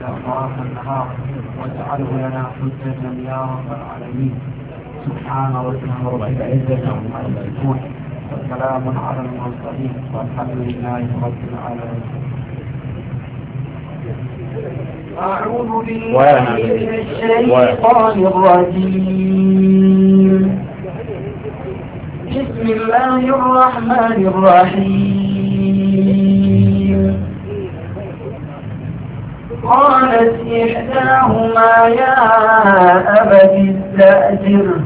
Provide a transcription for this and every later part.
أطراف النهار واجعله لنا حجة يا رب العالمين سبحان ربنا رب العزة عما يصفون وسلام على المرسلين والحمد لله رب العالمين أعوذ بالله من الشيطان الرجيم بسم الله الرحمن الرحيم قالت إحداهما يا أبت استأجره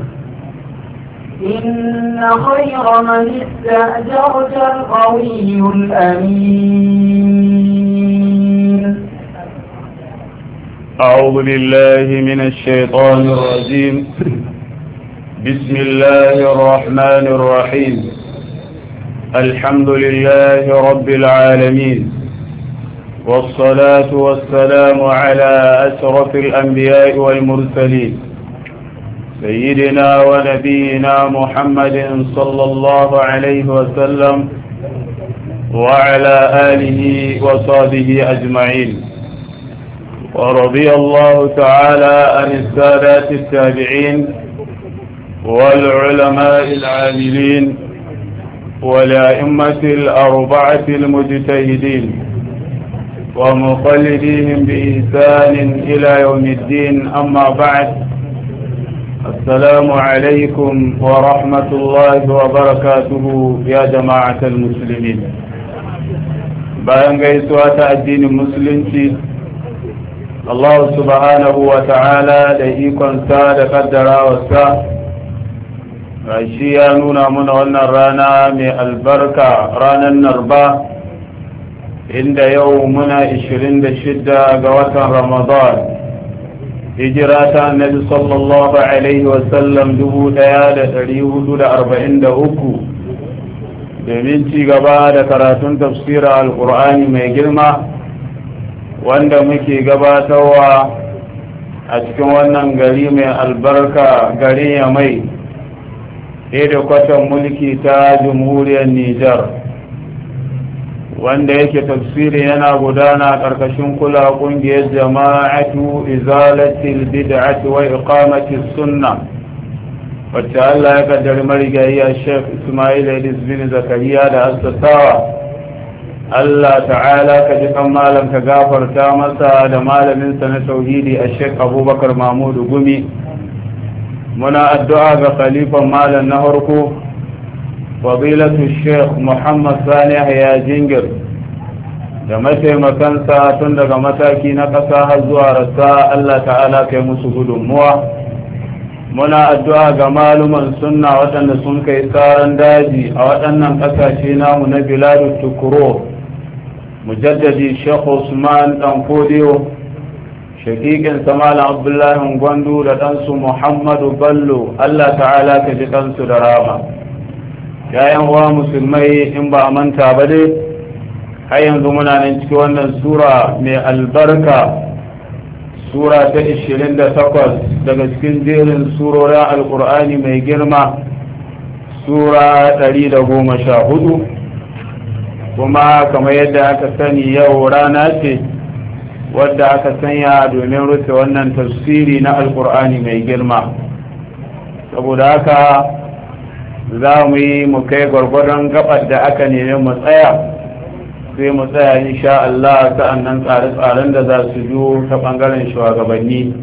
إن خير من استأجرت القوي الأمين أعوذ بالله من الشيطان الرجيم بسم الله الرحمن الرحيم الحمد لله رب العالمين والصلاة والسلام على أشرف الأنبياء والمرسلين سيدنا ونبينا محمد صلى الله عليه وسلم وعلى آله وصحبه أجمعين ورضي الله تعالى عن السادات التابعين والعلماء العاملين والأئمة الأربعة المجتهدين ومقلديهم بإحسان إلى يوم الدين أما بعد السلام عليكم ورحمة الله وبركاته يا جماعة المسلمين bayan gaisuwa ta addinin musulunci Allah subhanahu wa ta'ala da ikonsa da kaddarawarsa shi ya nuna muna wannan rana mai albarka ranar narba inda yau muna 26 ga watan ramadan hijira ta annabi sallallahu alaihi wasallam 1443 domin ci da karatun tafsira alkur'ani mai girma wanda muke gabatarwa a cikin wannan gari mai albarka garin ya mai da kwatan mulki ta jamhuriyar nijar wanda yake tafsiri yana gudana karkashin kula kungiyar jama'atu izalatil bid'ati wa iqamatis sunna wacce Allah ya kaddari marigayya Sheikh Ismail Idris bin Zakariya da assasawa Allah ta'ala ka ji kan malam ka gafarta masa da malaminsa na tauhidi a Sheikh Abubakar Mahmudu Gumi muna addu'a ga khalifan malam na farko فضيلة الشيخ Muhammad ثاني يا جنجر da mataimakansa tun daga mataki na ƙasa har zuwa rasa Allah ta'ala kai musu gudunmuwa muna addu'a ga maluman sunna waɗanda sun kai tsaron daji a waɗannan ƙasashe namu na biladu tukuro mujaddadi shekh usman dan kodiyo shakikin abdullahi gwandu da ɗansu muhammadu ballo Allah ta'ala ka ji ɗansu da rama 'yan uwa musulmai in ba a manta ba dai har yanzu muna nan cikin wannan sura mai albarka sura ta 28 daga cikin jerin surorin alkur'ani mai girma sura 114 kuma kamar yadda aka sani yau rana ce wadda aka sanya domin rufe wannan tafsiri na alkur'ani mai girma saboda haka za mu yi mu kai gwargwaron gabar da aka nemi mu tsaya sai mu tsaya insha Allah sa'annan tsare-tsaren da za su biyo ta bangaren shugabanni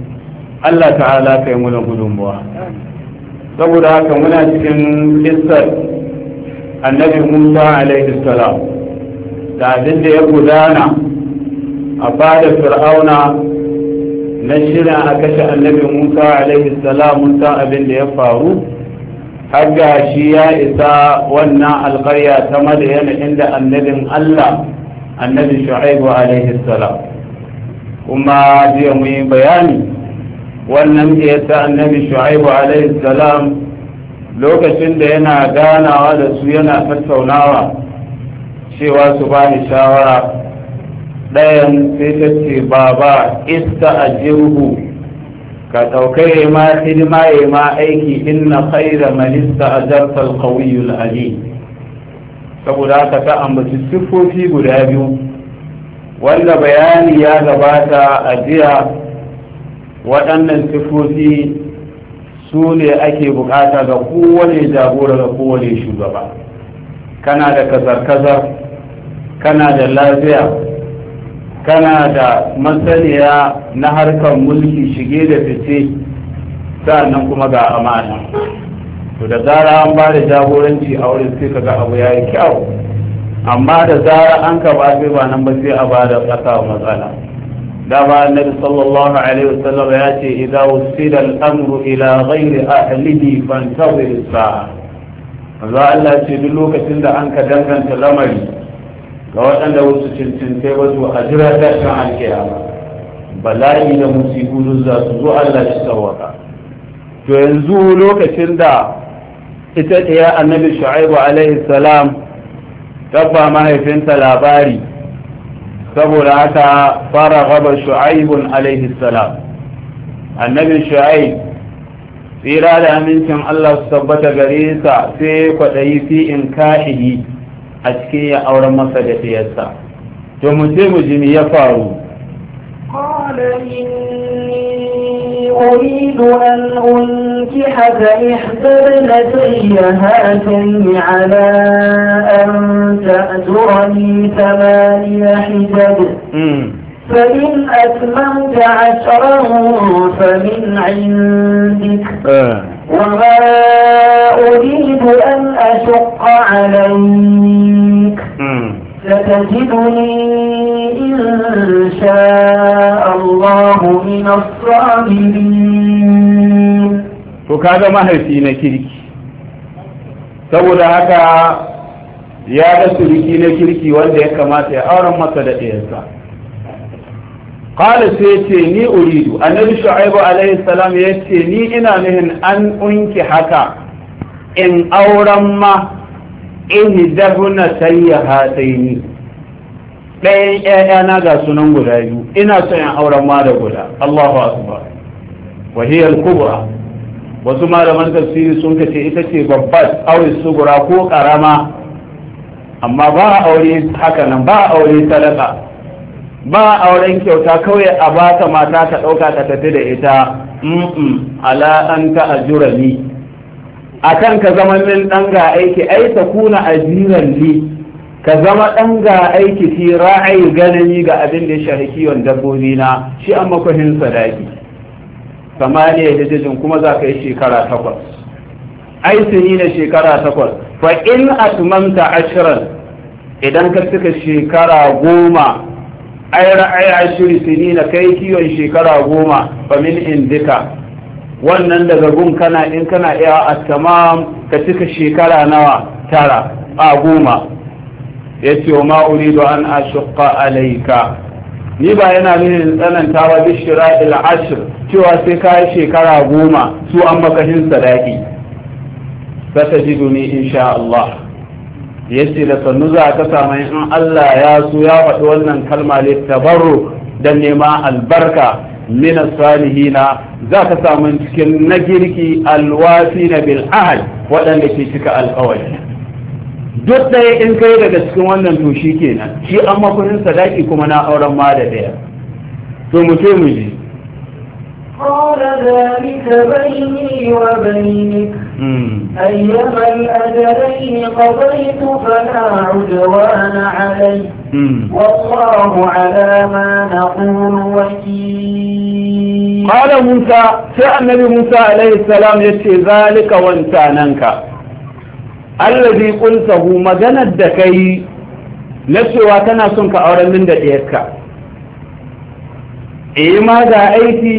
Allah ta'ala kai mu gudunmuwa saboda haka muna cikin kissar annabi Musa alaihi salam da abin da ya gudana a bada fir'auna na shirin a kashe annabi Musa alaihi salam mun san abin da ya faru hagga shi ya isa wannan alkarya ta madayana inda annabin allah annabin shu'aibu alaihi salam kuma jiya mu yi bayani wannan da ya sa annabi shu'aibu alaihi salam lokacin da yana ganawa da su yana tattaunawa cewa su ba ni shawara ɗayan sai ta ce baba ista a ka ɗaukai ma hidima ya ma aiki inna khaira manista a zartar ali saboda ka ta ambaci siffofi guda biyu wanda bayani ya gabata a jiya waɗannan siffofi su ne ake bukata ga kowane jagora ga kowane shugaba kana da kazar-kazar kana da lafiya kana da masaniya na harkar mulki shige da fice sa'annan kuma ga amana to da zara an ba da jagoranci a wurin sai kaga abu ya yi kyau amma da zara an ka ba sai ba nan ba sai a ba da ƙasa matsala dama annabi sallallahu alaihi wasallam ya ce idza usila al-amru ila ghairi ahlihi fantazir sa'a manzo Allah ce duk lokacin da an ka danganta lamari ga waɗanda wasu cincintai ba su a jira ta kan alkiyama bala'i da musibu za su zo Allah shi sawaka to yanzu lokacin da ita ɗaya annabi shu'aibu alaihi salam tabba mahaifinta labari saboda haka fara gaba shu'aibun alaihi salam annabi shu'aib tsira da amincin Allah su tabbata gare sa sai kwaɗayi fi in ka'ihi a cikin ya auren masa da ɗiyarsa to mu ce mu jimi ya faru أريد أن أنكحك إحدى ابنتي هاتين على أن تأجرني ثماني حجج فإن أتممت عشرا فمن عندك آه. وما أريد أن أشق عليك ذلك ستجدني إن شاء الله من الصابرين فكذا ما هرسينا كيرك saboda haka ya ga suriki na kirki wanda ya kamata ya auren masa da ɗayarsa qala sai ce ni uridu annabi shu'aibu alaihi salam ya ce ni ina nuhin an unki haka in auren ma ihdabna ni. ɗayan ƴaƴana ga sunan guda biyu ina son in auren ma da guda Allahu akbar wa hiya al-kubra wasu malaman tafsiri sun kace ita ce babbar aure sugura ko karama amma ba a aure haka nan ba a aure talaka ba a auren kyauta kawai a ba mata ka ɗauka ka tafi da ita ala an ta ajura ni akan ka zama min dan ga aiki ai ta kuna ajiran li ka zama dan ga aiki fi ra'ayi ganani ga abin da ya shafi kiwon dabbobi na shi an makwahin sadaki samaniya hijjajin kuma za ka yi shekara takwas ai suni na shekara takwas fa in atmamta ashran idan ka cika shekara goma ai ra'ayi ashiri suni na kai kiwon shekara goma fa min indika wannan daga gun kana in kana iya a tamam ka cika shekara nawa tara a goma ya ce wa ma'uri an ashuqa alaika ni ba yana nuna tsananta ba bishira il ashir cewa sai ka yi shekara goma su an makashin sadaki ta ji duni insha Allah ya ce da sannu za ka samu in Allah ya so ya faɗi wannan kalma ne da neman albarka min salihina za ka samu cikin na girki alwasi alwasina bil ahad waɗanda ke cika alƙawari duk ɗaya in kai daga cikin wannan to kenan shi an makunin sadaki kuma na auren ma da ɗaya to mu ce mu ji قال ذلك بيني وبينك أيما الأجلين قضيت فلا عدوان علي والله على ما نقول وكيل qala musa sai annabi musa alaihi salam yace zalika wancananka allazi qultahu maganar da kai na cewa kana son ka auren min da ɗiyarka ima da aiki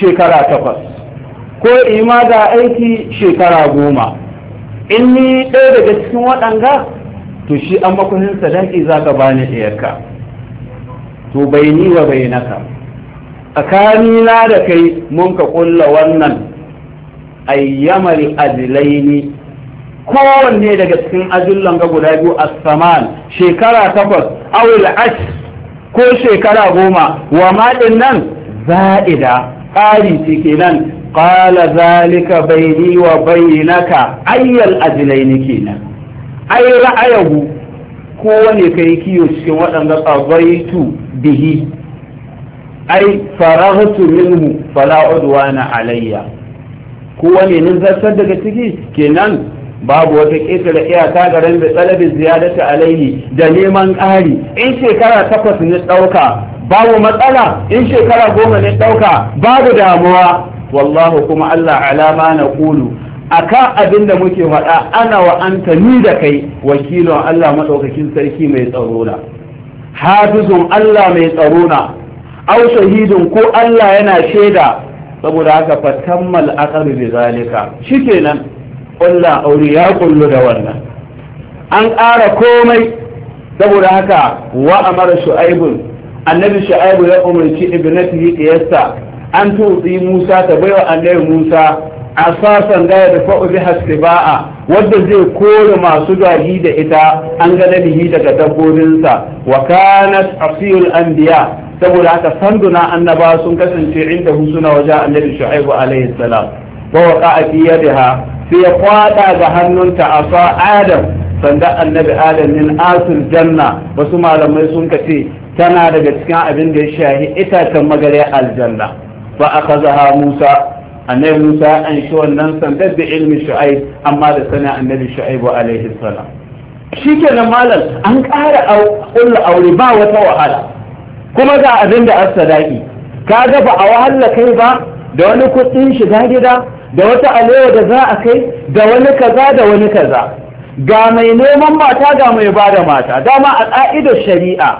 shekara takwas ko ima da aiki shekara goma in ni ɗaya daga cikin waɗanga to shi an makunin sadaki za ka bani ɗiyarka to bai ni wa bai naka tsakanina da kai mun ka kulla wannan ayyamal ajlaini kowanne daga cikin ajullan ga guda biyu a saman shekara takwas awil ash ko shekara goma wa maɗin nan za'ida ƙari ce kenan qala zalika baini wa bainaka ayyal ajilaini kenan ai ra'ayahu kowane kai kiyo cikin waɗanda tsabaitu bihi ai faraghtu minhu fala udwana alayya kowa ne nan zartar daga ciki kenan babu wata ƙetare iyaka ga ran da talabin ziyadata alayhi da neman ƙari in shekara takwas ne ɗauka babu matsala in shekara goma ne ɗauka babu damuwa wallahu kuma Allah alama na kulu akan abin da muke faɗa ana wa anta ni da kai wakilin Allah maɗaukakin sarki mai tsaro na hafizun Allah mai tsaro na aw shahidun ko Allah yana shaida saboda haka fa tammal aqru bi zalika shikenan aure ya kullu da wannan an ƙara komai saboda haka wa amara shu'aibun annabi shu'aibu ya umarci ibnatihi qiyasta an tutsi Musa ta baiwa annabi Musa asasan da ya dafa bi hasba'a wanda zai kore masu gari da ita an ga dabihi daga dabbobinsa wa kanat asirul anbiya saboda haka sanduna annaba sun kasance inda suna waje annabi shu'aibu alaihi salam wa waqa fi yadiha sai ya kwada ga hannunta asa adam sanda annabi adam min asul janna wasu malamai sun kace tana daga cikin abin da ya shahi itacen magare aljanna fa kazaha musa annabi musa ya anshi wannan sanda da ilmi shu'aib amma da sana annabi shu'aibu alaihi salam shikenan malam an ƙara ƙulla aure ba wata wahala kuma ga abin da as sadaki ka ga ba a wahala kai ba da wani kuɗin shiga gida da wata alewa da za a kai da wani kaza da wani kaza ga mai neman mata ga mai ba da mata dama a ƙa'idar shari'a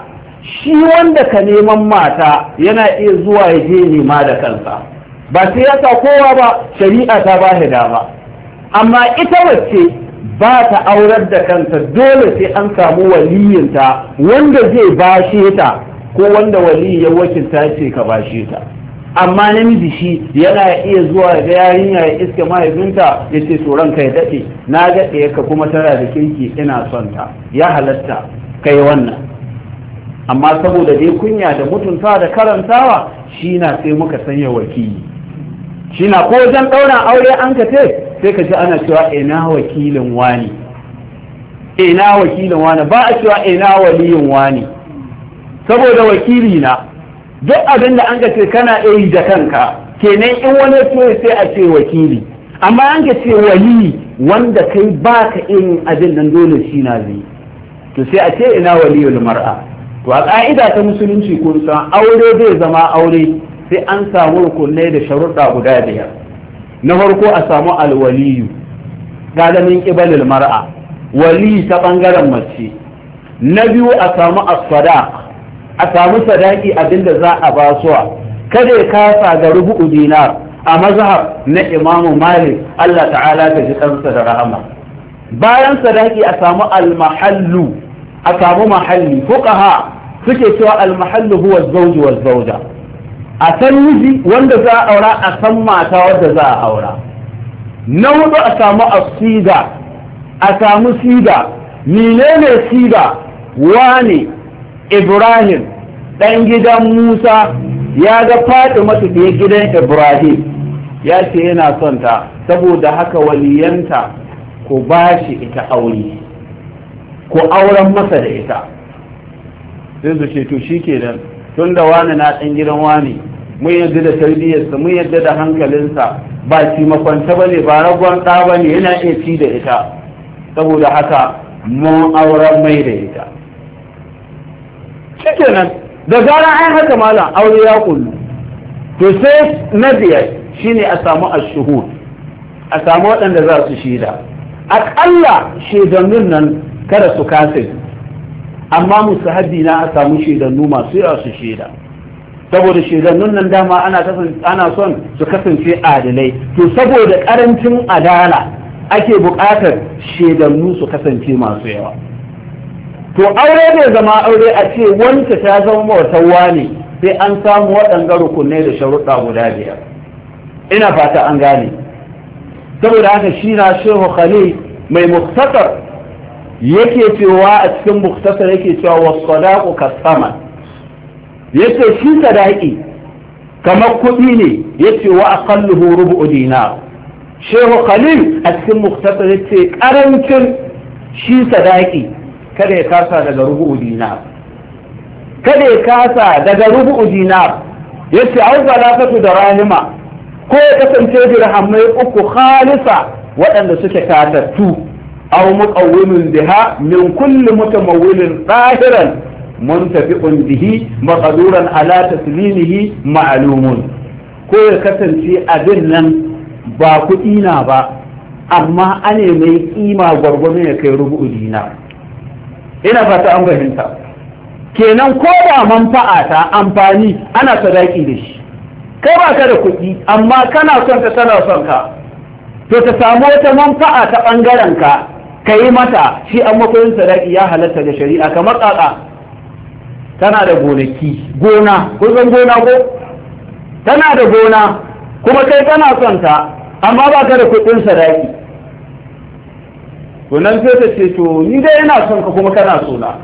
shi wanda ka neman mata yana iya zuwa ya je nema da kansa ba sai ya sa kowa ba shari'a ta ba shi dama amma ita wacce ba ta aurar da kanta dole sai an samu waliyinta wanda zai bashe ta ko wanda wali ya wakilta ce ka ba shi ta amma namiji shi yana iya zuwa da yarinya ya iska mahaifinta ya ce tsoron kai daɗe na daɗe ka kuma tana da kirki ina son ta ya halatta kai wannan amma saboda dai kunya da mutunta da karantawa shi na sai muka sanya wakili shi na ko wajen ɗaura aure an ka ce sai ka ji ana cewa ina wakilin wani ina wakilin wani ba a cewa ina waliyin wani saboda wakili na duk abin da an ce kana iri da kanka kenan in wani to sai a ce wakili amma an ce wali wanda kai ba ka irin abin nan dole shi na zai to sai a ce ina waliyul mar'a to a ƙa'ida ta musulunci kun san aure zai zama aure sai an samu rukunai da sharuɗa guda biyar na farko a samu alwaliyu galamin ibalil mar'a wali ta ɓangaren mace na biyu a samu asfada a samu sadaki abinda za a basuwa kada ya kasa ga rubu'u dinar a mazhab na imamu malik Allah ta'ala ta ji kansa da rahama bayan sadaki a samu almahallu a samu mahalli fuqaha suke cewa almahallu huwa zawji wa zawja a san miji wanda za a aura a san mata wanda za a aura na hudu a samu asiga a samu siga menene siga wane ibrahim ɗan gidan musa ya ga fatimatu da gidan ibrahim ya ce yana son ta saboda haka waliyanta ku ba shi ita aure ku auren masa da ita sai su ce to shikenan tun da wani na ɗan gidan wani mun yadda da tarbiyyarsa mun yadda da hankalinsa ba ci makwanta ba ne ba ragon ɗa ba yana iya ci da ita saboda haka mun auren mai da ita shikenan da zara an haka malam aure ya kullu to sai na biyar shine a samu ashuhud a samu waɗanda za su shida aƙalla shaidannin nan kada su kasa amma musu na a samu shaidannu masu yawa su shaida saboda shaidannin nan dama ana son su kasance adalai to saboda ƙarancin adala ake buƙatar shaidannu su kasance masu yawa to aure bai zama aure a ce wanta ta zama mawatawa ne sai an samu waɗanga rukunai da sharuɗa guda biyar ina fata an gane saboda haka shi na shehu khali mai muktasar yake cewa a cikin muktasar yake cewa wasu sadaku kasama yace shi sadaki kamar kuɗi ne ce wa aqalluhu rubu'u dinar shehu khalil a cikin muktasar yace ƙarancin shi sadaki kada ya kasa daga rubu'u dinar kada ya kasa daga rubu'u dinar yace au salatu da rahima ko ya kasance dirhamai uku khalisa waɗanda suke katattu au muqawwimin biha min kulli mutamawwilin zahiran muntafi'un bihi maqduran ala taslimihi ma'lumun ko ya kasance abin nan ba kuɗi na ba amma anemai mai kima ya kai rubu'u dinar ina fata an fahimta kenan ko ba manfa'a ta amfani ana sadaki da shi kai ba ka da kuɗi amma kana son ka tana son ka to ta samu wata manfa'a ta bangaren ka ka yi mata shi an makoyin sadaki ya halatta da shari'a kamar kaka tana da gonaki gona kun gona ko tana da gona kuma kai kana son ta amma ba ka da kuɗin sadaki to nan sai ta ce to ni dai ina son ka kuma kana so na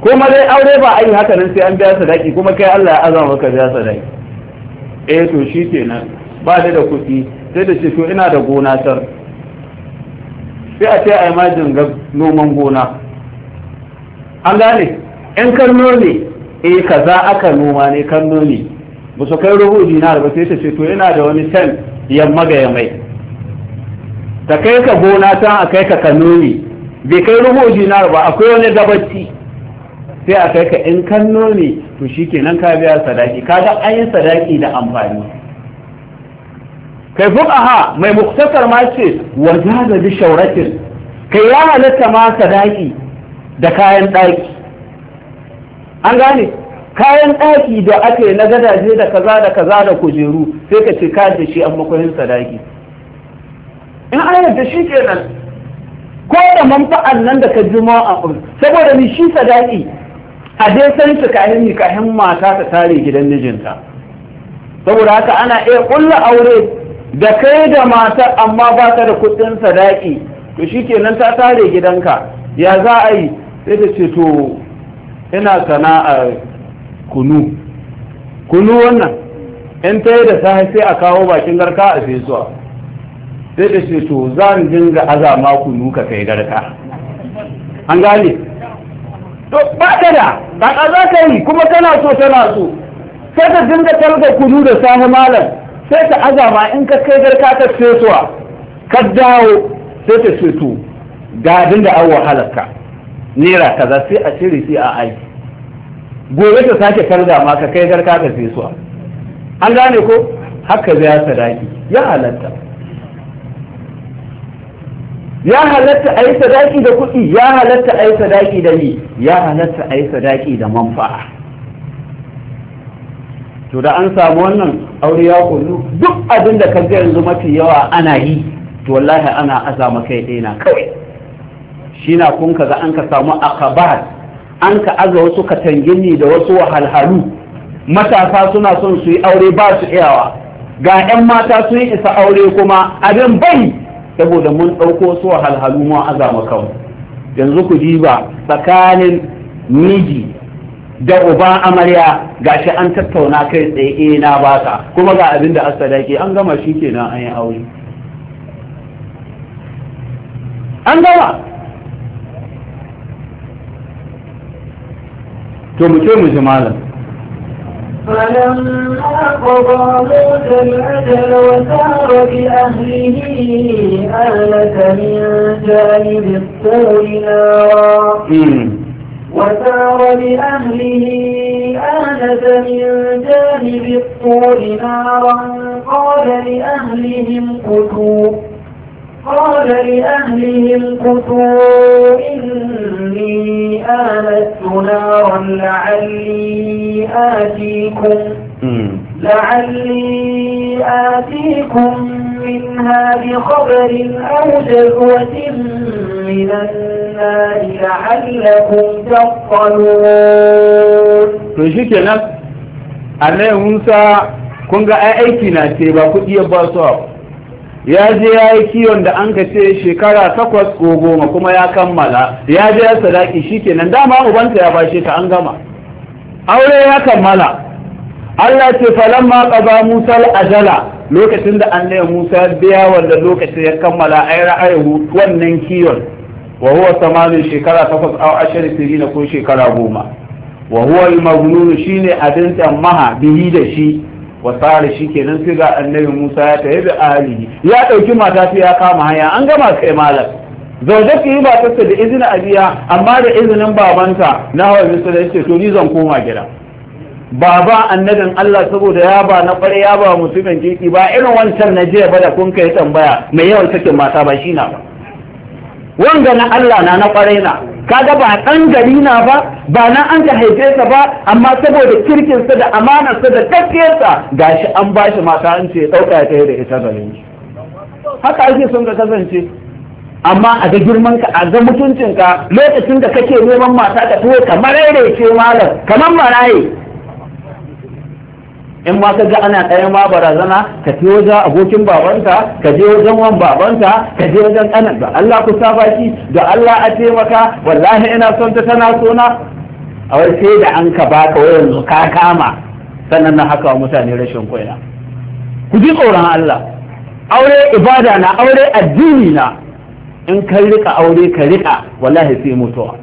kuma dai aure ba ai haka nan sai an biya sadaki kuma kai Allah ya azama maka biya sadaki eh to shi kenan ba da kuɗi sai ta ce to ina da gona tar sai a ce a majin ga noman gona an gane in karno ne eh kaza aka noma ne karno ne ba su kai rubu dinar ba sai ta ce to ina da wani tan yamma ga yamai ta kai ka gona ta a kai ka kanoni bai kai rubo jina ba akwai wani gabaci sai a kai ka in kanoni to shi nan ka biya sadaki kada an yi sadaki da amfani kai ha mai muktasar ma ce zaga bi shauratin kai ya halatta ma sadaki da kayan daki an gane kayan ɗaki da ake na gadaje da kaza da kaza da kujeru sai ka ce ka da shi an makwahin sadaki in an yarda shi kenan ko da manfa'an nan da ka ji ɓun saboda ni shi sadaki a dai san su kahin nikahin mata ta tare gidan mijinta saboda haka ana iya ƙulla aure da kai da matar amma ba ta da kuɗin sadaki to shi kenan ta tare gidanka ya za a yi sai ta ce to ina sana'ar kunu kunu wannan in ta yi da safe sai a kawo bakin garka a fesuwa sai da ce to mu dinga azama ku nuka kai garka an gane to ba da ba ka za ka yi kuma kana so tana so sai ta dinga talga kunu da safe malam sai ta azama in ka kai garka ta fesuwa ka dawo sai ta ce to ga da an wahalarka naira kaza sai a cire sai a aiki gobe ta sake talga ma ka kai garka ta fesuwa an gane ko haka zai sadaki ya halatta ya halatta a yi sadaki da kuɗi ya halatta a yi sadaki da ni ya halatta a yi sadaki da manfa'a to da an samu wannan aure ya kullu duk abin da kaga yanzu mafi yawa ana yi to wallahi ana azama kai ɗaya na kawai shi na kun kaga an ka samu akabat an ka aza wasu katangini da wasu wahalhalu matasa suna son su yi aure ba su iyawa ga 'yan mata sun yi isa aure kuma abin bai saboda mun ɗauko su halhalu mu azama kanmu yanzu ku ba tsakanin miji da uba amarya Ga shi an tattauna kai tsaye eh, na ba ta kuma ga abin da asadaki an gama shi kenan an yi aure an gama to mu ce mu ji malam فلما قضى موسى الأجل وسار بأهله آلة من جانب الطور نارا وسار بأهله آلة من جانب الطور نارا قال لأهلهم قتوب قال لأهلهم كتوا إني آمدت نارا لعلي آتيكم لعلي آتيكم منها بخبر أو جهوة من النار لعلكم تصلون يا نفس أنا ينسى كنت أعيكنا ai كنت na ce ya je ya yi kiwon da an ce shekara takwas ko goma kuma ya kammala ya je ya sadaki shi kenan dama ubanta ya bashe ta an gama aure ya kammala Allah ce falamma qada Musa al-ajala lokacin da annabi Musa biya wanda lokacin ya kammala a yi wannan kiyon wa huwa samanin shekara takwas a ashirin sirri na ko shekara goma wa huwa shi ne shine abin tsammaha bihi da shi wa sare shi kenan sai ga annabi Musa ya tafi da alihi ya ɗauki mata ya kama hanya an gama kai malam zauje ki ba ta da izinin abiya amma da izinin babanta na hawa Musa da yake to ni zan koma gida baba annabin Allah saboda ya ba na kware ya ba mutumin kirki ba irin wancan na jiya ba da kun kai tambaya mai yawan sakin mata ba shi na ba wanga na Allah na na kware na kaga ba ɗan gari na ba ba na an ka haife sa ba amma saboda kirkinsa da amanarsa da gaskiyarsa gashi an ba shi mata an ce ɗauka ya kai da ita da shi haka ake son ka kasance amma a ga girman ka a ga mutuncin ka lokacin da kake neman mata ka tuwo kamar rere ce malam kamar maraye in ma ka ga ana ɗaya ma barazana ka je wajen abokin babanta, ka je wajen wan babanka ka je wajen ƙanan da Allah ku sa baki da Allah a taimaka wallahi ina son ta tana sona a wai sai da an ka baka wayan ka kama sannan na haka wa mutane rashin koyana ku ji tsoron Allah aure ibada na aure addini na in ka rika aure ka rika wallahi sai mutuwa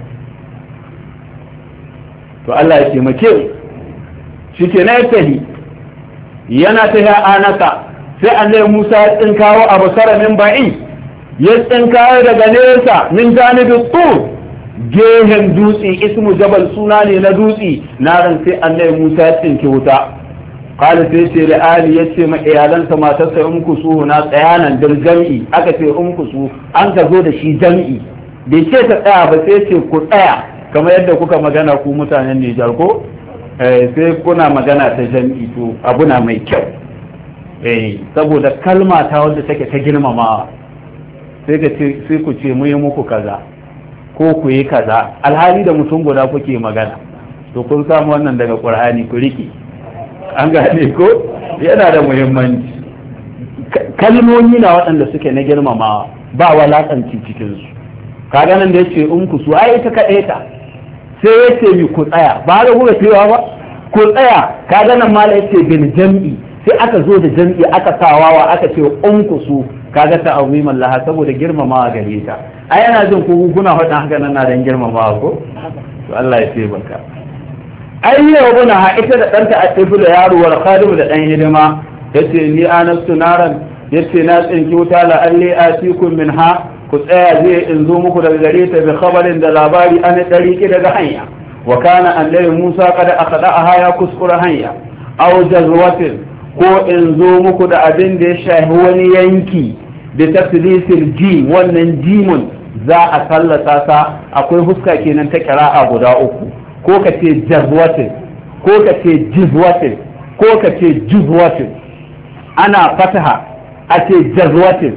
to Allah ya taimake shi ke na yi yana ta ya anasa sai annabi Musa ya tsinkawo a basara min ba'i ya tsinkawo daga nesa min janibi tur gehen dutse ismu jabal suna ne na dutse na ran sai annabi Musa ya tsinki wuta qala sai ce da ali ya ce ma iyalansa matarsa um ku su na tsayanan dal jam'i aka ce um ku su an ka zo da shi jam'i bai ce ta tsaya ba sai ce ku tsaya kamar yadda kuka magana ku mutanen Nijar ko Eh, sai kuna magana ta jam'i to abu na mai kyau eh, saboda kalma ta wanda take ta girmamawa sai ku ce mu yi muku kaza ko ku yi kaza alhali da mutum guda kuke magana to kun samu wannan daga qur'ani ku riki an gane ko yana da muhimmanci kalmomi na waɗanda suke na girmamawa ba walakanci cikinsu kaga nan da ya in ku su ai ta kaɗe ta sai ya ce mi ku tsaya ba da kuma cewa ba ku tsaya ka ga nan mala yace bil jam'i sai aka zo da jam'i aka sa wawa aka ce unkusu kaga ta aziman laha saboda girmamawa gare ta A yana jin ku kuna faɗin haka nan na dan girmamawa ko to Allah ya ce baka ai ne wabuna ha ita da danta a tafi da yaro wal khadim da ɗan hidima yace ni anastu naran yace na tsinki wuta la alli asikum minha ku tsaya zai in zo muku daga gare ta bi khabarin da labari an ki daga hanya wa kana annabi Musa kada akhada aha ya kuskura hanya aw jazwatin ko in zo muku da abin da ya shahi wani yanki da tafsirin jim wannan jimun za a sallata sa akwai huska kenan ta kira'a guda uku ko ka ce jazwatin ko ka ce jizwatin ko ka ce jizwatin ana fataha a ce jazwatin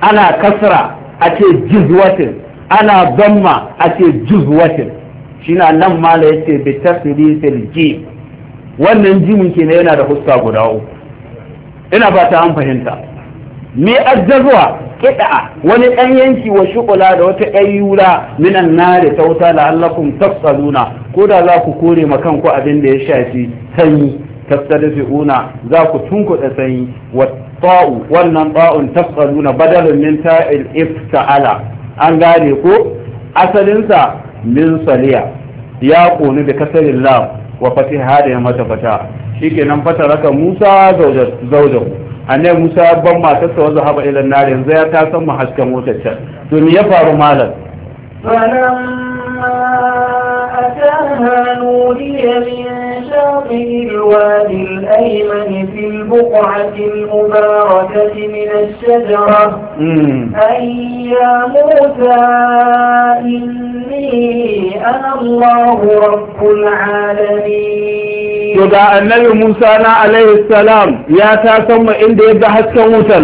ana kasra a ce juzwatin ana zamma a ce juzwatin shi na nan mala ya ce bitasiri silji wannan jimin ke yana da huska guda uku ina ta an fahimta me azzazwa kida wani ɗan yanki wa shukula da wata ayyura minan nare ta wuta la'allakum tafsaluna ko da za ku kore ma kanku abin da ya shafi sanyi tastadfi'una za ku tunkuɗa sanyi ba'u wannan ba'un tafsaluna badalun min ta'il ifta'ala an gane ko asalinsa min saliya ya kunu bi kasarin lam wa fatiha da ya mata fata shikenan fataraka Musa zaujahu annai Musa ban matarsa wa zahaba ilan nari yanzu ya ta san mu hasken wutar to me ya faru malam أتاها نودي من شاطئ الوادي الأيمن في البقعة المباركة من الشجرة أي يا موسى إني أنا الله رب العالمين يدعى so النبي موسى عليه السلام يا تاسم إن دي بحث كموسى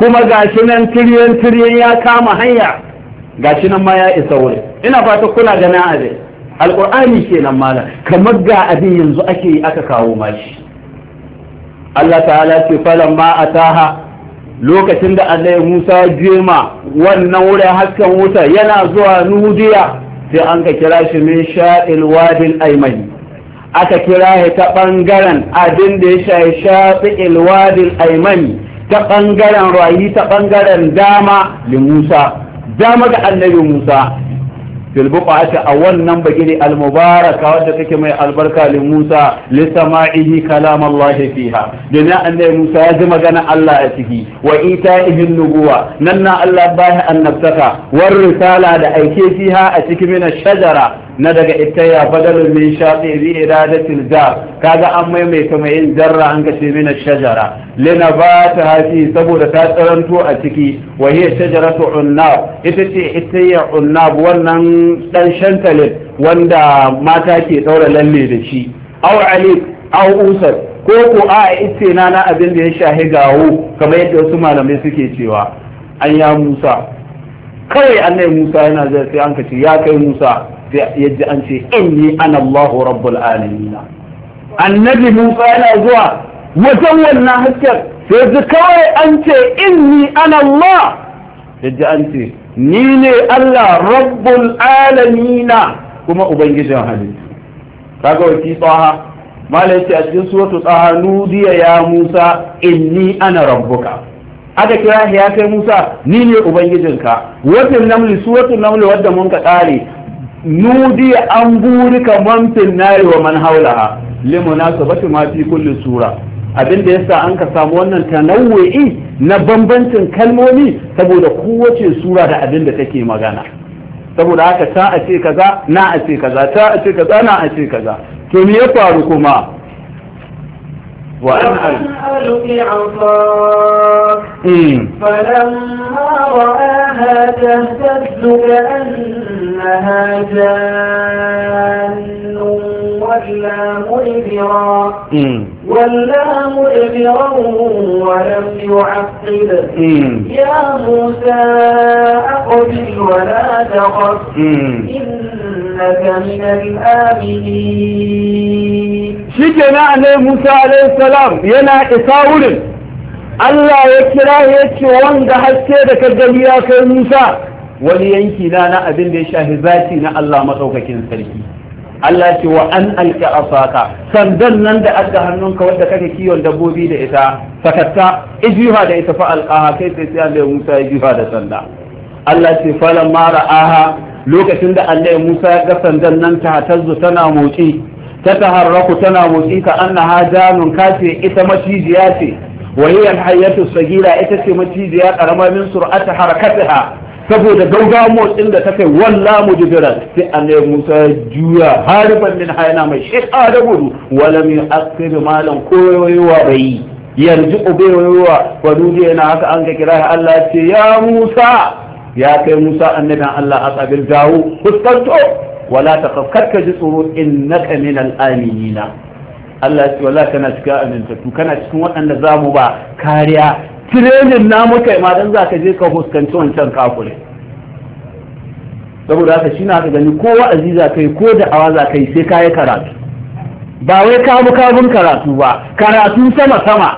كما قاشنا تريان تريان يا كام هيا Ga shi nan ma ya isa wuri. ina fata kuna gana abin alqur'ani kenan mala kamar ga abin yanzu ake yi aka kawo mashi Allah ta'ala ce falan ma ataha lokacin da Allah Musa jema wannan wuri hasken wuta yana zuwa nudiya sai an ka kira shi min sha'il wadil aymani aka kira shi ta bangaren abin da ya shafi sha'il wadil aymani ta bangaren rayi ta bangaren dama li Musa dama ga annabi Musa fil a wannan bagire al mubaraka wanda take mai albarka li Musa li sama'ihi kalam Allah fiha dan annabi Musa ya ji magana Allah a ciki wa ita'ihi nubuwa nan na Allah ba annabtaka war risala da aike fiha a cikin mina shajara na daga ita ya fadalun min shaɗi bi iradatil da kaga an maimaita mai yin zarra an kashe min shajara lina ba ta hafi saboda ta tsaranto a ciki wa hiya shajaratu unnab ita ce ita ya unnab wannan dan shantalin wanda mata ke daura lalle da shi aw Ali, aw usar ko ko a ita na na abin da ya shahi gawo kamar yadda wasu malamai suke cewa an ya musa kawai annai musa yana zai sai an kace ya kai musa Yadda an ce inni ana Allahu rabbul alamin annabi Musa yana zuwa wajen wannan hasken sai ji kawai an ce inni ana Allah yadda an ce ni ne Allah rabbul alamin kuma ubangijin halittu kaga wati tsaha malai ce a cikin suratu tsaha nudiya ya Musa inni ana rabbuka aka kira ya kai Musa ni ne ubangijinka wata namli suratu namli wadda mun ka kare nudi an burika man fil nari wa man haulaha limunasabati ma fi kulli sura abin da yasa an ka samu wannan tanawwi na bambancin kalmomi saboda kowace sura da abin da take magana saboda haka ta a ce kaza na a ce kaza ta a ce kaza na a ce kaza to me ya faru kuma وأسألك عصاك فلما رآها تهتز كأنها جان ولا مدبرا ولا مدبرا ولم يعقب يا موسى أقبل ولا تخف إنك من الآمنين shi ke na annabi musa alai salam yana isa wurin allah ya kira ya ce wanda haske da ka gani ya kai musa wani yanki na na abin da ya shafi zati na allah masaukakin sarki Allah ce wa an alƙi asaka sandan nan da adda hannunka wadda kake kiwon dabbobi da ita sakatta ijiha da ita fa alqaha kai sai sai Allah Musa ya da sanda Allah ce falan mara aha lokacin da Allah Musa ya ga sandan nan ta tazzu tana motsi ta taharraku tana motsi ka annaha janun kace ita macijiya ce wa hiya alhayatu sagira ita ce macijiya karama min sur'ati harakatiha saboda gauga motsin da ta kai walla mujbiran sai annabi Musa juya hariban min hayana mai shekara da gudu walam yu'akhir malan koyoyowa bai yarji ubewa wa duje yana haka an ga kira Allah ce ya Musa ya kai Musa annabin Allah asabil dawo fuskanto wala takhaf karka ji tsoro innaka minal aminina Allah ya ce wallahi kana cikin amintattu kana cikin waɗanda za mu ba kariya tirenin na muka ma dan za ka je ka fuskanci wancan kafure saboda haka shi na ka gani ko wa'azi za ka yi ko da'awa za ka yi sai ka yi karatu ba wai kamu kamun karatu ba karatu sama sama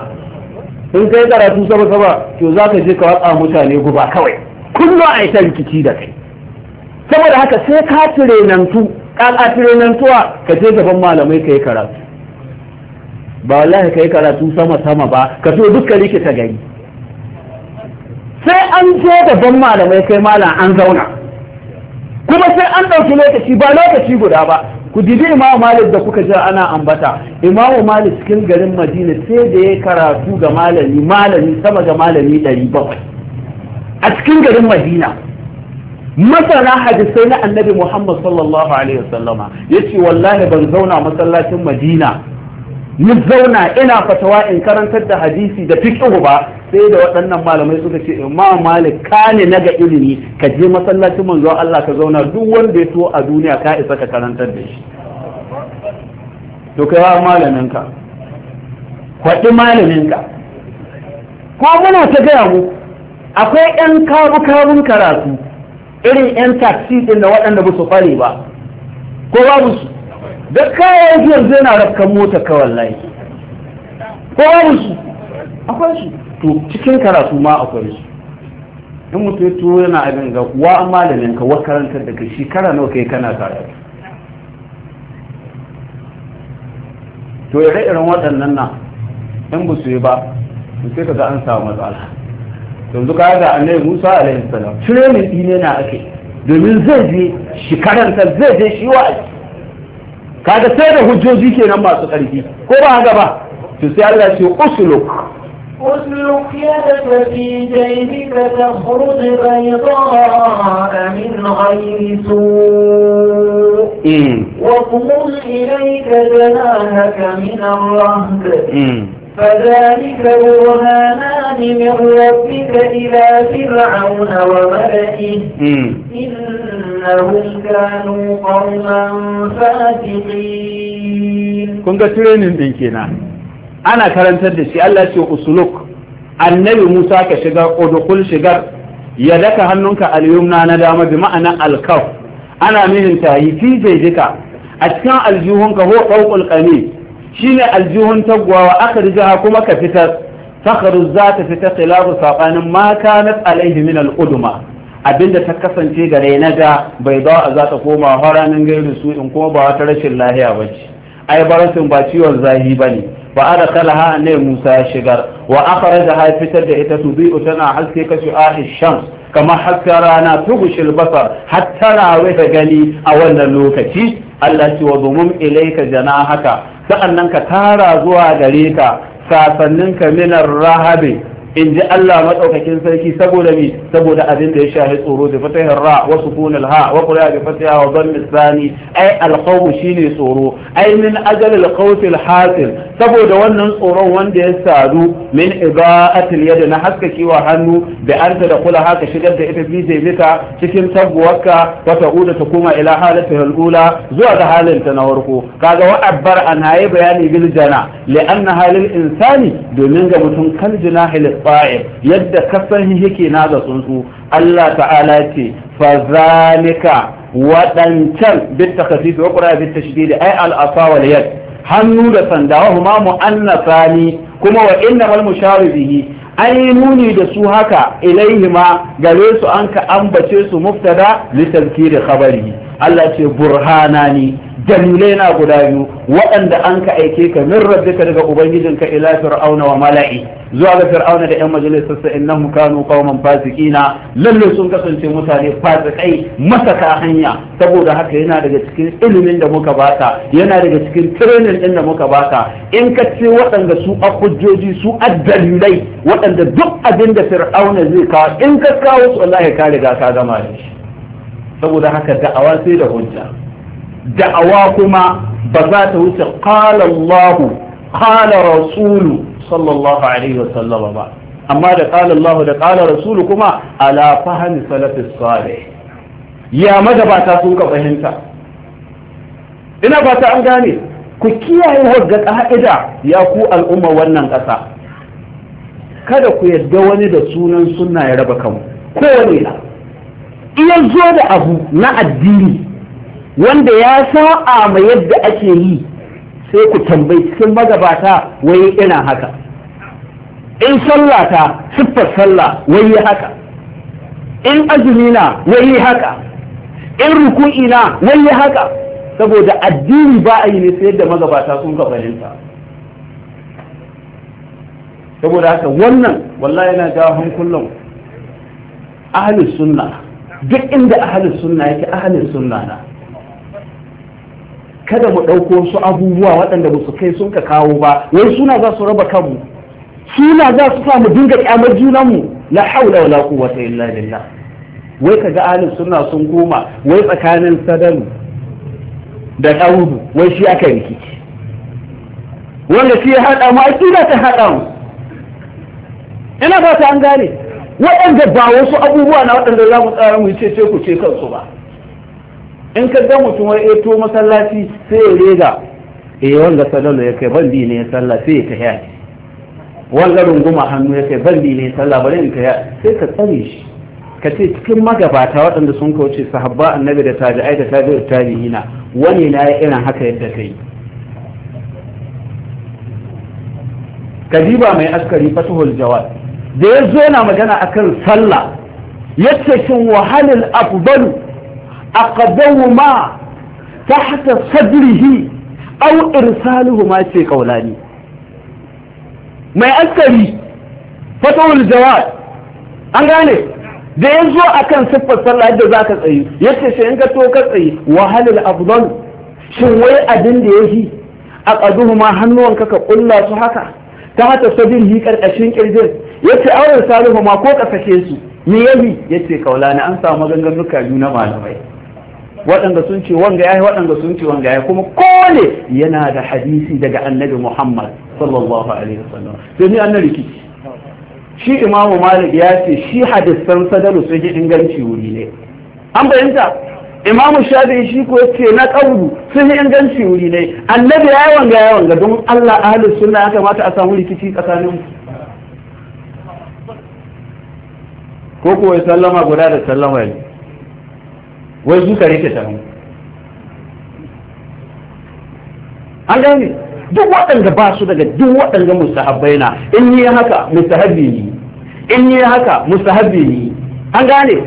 sun kai karatu sama sama to za ka je ka watsa mutane guba kawai kullum a yi ta rikici da kai saboda haka sai ka tirenantu ka tirenantuwa ka je gaban malamai ka yi karatu ba wallahi ka yi karatu sama sama ba ka so dukkan ta gari sai an je gaban malamai kai malam an zauna kuma sai an ɗauki lokaci ba lokaci guda ba ku dibi imamu malik da kuka ji ana ambata imamu malik cikin garin madina sai da ya karatu ga malami malami sama ga malami ɗari bakwai a cikin garin madina masana hadisai na annabi Muhammad sallallahu alaihi wasallama ce wallahi ban zauna masallacin Madina ni zauna ina fatawa in karantar da hadisi da fiqh ba sai da waɗannan malamai suka ce Imam Malik ka ne naga ilimi ka je masallacin manzo Allah ka zauna duk wanda ya so a duniya ka isa ka karantar da shi to kai wa malamin ka kwaɗi malamin ka ko muna ta gaya mu akwai ƴan karu karun karatu irin 'yan taxi din da waɗanda ba su fare ba ko babu su da kayan yanzu yana rakkan mota kawai wallahi ko babu su akwai su to cikin karatu ma akwai su in mutum to yana abin ga wa malamin ka wa karantar da kai shekara nawa kai kana karatu to ire irin waɗannan na in ba su yi ba sai ka ga an samu matsala yanzu ka ga annabi Musa alaihi salam training din ne na ake domin zai je shi karanta zai je shi wa'azi kaga sai da hujjoji kenan masu ƙarfi ko ba haka ba to sai Allah ce usluk أسلك يدك في جيبك تخرج بيضاء من غير سوء واضمم إليك جناحك من الرهب فذلك برهانان من ربك إلى فرعون وملئه إنهم كانوا قوما فاسقين كنت ترينين دين أنا كرنتر دشي الله شيء أسلوك annabi Musa ka shigar udkhul shigar ya daka hannunka al na dama bi ma'ana al ana mihin tayi fi jika a cikin aljihunka ho ɗauƙul ƙami shine aljihun taguwa wa akhrijaha kuma ka fitar takhruj za ta fita khilafu sabanin ma kanat na min al-udma abinda ta kasance gare na da bai dawa za ta koma haranin gairu su in kuma ba wata rashin lahiya ba ce ai barasin ba ciwon zahi ba ne ba a da kalaha ne musa ya shigar wa akhara da ha fitar da ita tubi'u tana haske ka shu'ahi shams kamar hasken rana tugushil basar hatta rawe ta gani a wannan lokaci Allah ce wa domin ilaika haka sa'annan ka tara zuwa gare ka sasannin ka minar rahabi in ji Allah madaukakin sarki saboda mi saboda abin da ya shahi tsoro da fatahir ra wa sukun al ha wa qura bi fatiha wa dhammi thani ai al shine tsoro ai min ajal al khawf al hasil saboda wannan tsoron wanda ya sadu min ibaatil yad na wa hannu da an ta da kula haka shigar da ita fi bika cikin tabbuwarka wa ta'uda ta kuma ila ta al ula zuwa ga halin ta na farko kaga wa abbar an haye bayani bil jana li anna halil insani domin ga mutum kal jinahil fa'il yadda ka yake naga tsuntsu Allah ta'ala ce fa waɗancan bit takfifi wa qura bit tashdid da al asa wal yad hannu da sanda wa huma mu'annasani kuma wa innamal musharu bihi ai nuni da su haka ma gare su an ka ambace su muftada li tazkiri khabari Allah ce burhanani dalilai na guda biyu waɗanda an ka aike ka min rabbika daga ka ila fir'auna wa mala'i zuwa ga fir'auna da yan mu innahum kanu qauman fasiqina lalle sun kasance mutane fasikai masaka hanya saboda haka yana daga cikin ilimin da muka baka yana daga cikin training din da muka baka in ka ce waɗanda su a hujjoji su a dalilai waɗanda duk abin da fir'auna zai kawo in ka kawo su wallahi ka riga ka gama da shi saboda haka da'awa sai da hujja da'awa kuma ba za ta wuce qala Allah qala rasulu sallallahu alaihi wa sallama ba amma da qala Allah da qala rasulu kuma ala fahmi salafis salih ya magabata sun ka fahimta ina ba ta an gane ku kiyaye wagga ka'ida ya ku al'umma wannan ƙasa kada ku yadda wani da sunan sunna ya raba kanku kowane na iya zo da abu na addini wanda ya sa'a ma yadda ake yi sai ku tambayi cikin magabata wai ina haka in sallah ta siffar sallah wai yi haka in azumi na wai yi haka in ruku'i na wai yi haka saboda addini ba a yi ne sai yadda magabata sun ka fahimta saboda haka wannan wallahi yana jawo hankulan ahalin sunna duk inda ahalin sunna yake ahalin sunna na kada mu ɗauko su abubuwa waɗanda ba su kai sun ka kawo ba wai suna za su raba kanmu suna za su sa mu dinga kyamar junanmu la haula wala quwwata illa billah wai kaga alif suna sun goma, wai tsakanin sadan da daudu wai shi aka rikici wanda shi ya haɗa mu aƙida ta haɗa mu ina ba ta an gane waɗanda ba wasu abubuwa na waɗanda za mu tsara mu ce ce ku ce kansu ba in ka ga mutum wai eto masallaci sai ya rega eh wanda sallallahu ya kai bandi ne ya sallah sai ya tahiya wanda runguma hannu ya kai bandi ne ya sallah bari in tahiya sai ka tsare shi ka ce cikin magabata waɗanda sun kauce sahabba annabi da tabi'ai da tabi'u na. wani na ya irin haka yadda kai kadiba mai askari fatuhul jawad da ya zo na magana akan sallah yace shin wahalil afdalu aqdawu ma tahta sadrihi au'in irsaluhu ma ce kaulani mai askari fatawul jawad an gane da ya zo a kan siffar sallah yadda za ka tsayi ya ce shi in ka to ka tsayi wahalil afdal shin wai abin da ya hi? a ƙaduhu ma hannuwan ka ƙulla su haka ta hata sabin yi ƙarƙashin ƙirjin ya ce auren saluhu ma ko ka sake su me ya yi ya ce kaulana an samu ganganuka biyu na malamai waɗanda sun ce wanga yayi waɗanda sun ce wanga yayi kuma kone yana da hadisi daga annabi Muhammad sallallahu alaihi wasallam sai ni annabi ki shi imamu malik ya ce shi hadisan sadalu sun yi inganci wuri ne an bayanta imamu shafi shi ko ce na kaulu sun yi inganci wuri ne annabi ya wanga ya wanga don Allah ahli sunna ya kamata a samu rikici tsakanin ko kuwa sallama guda da sallama ne wai su kare ke samu an gane duk waɗanda ba su daga duk waɗanda mustahabbai na in ni haka mustahabbi ne in ni haka mustahabbi ne an gane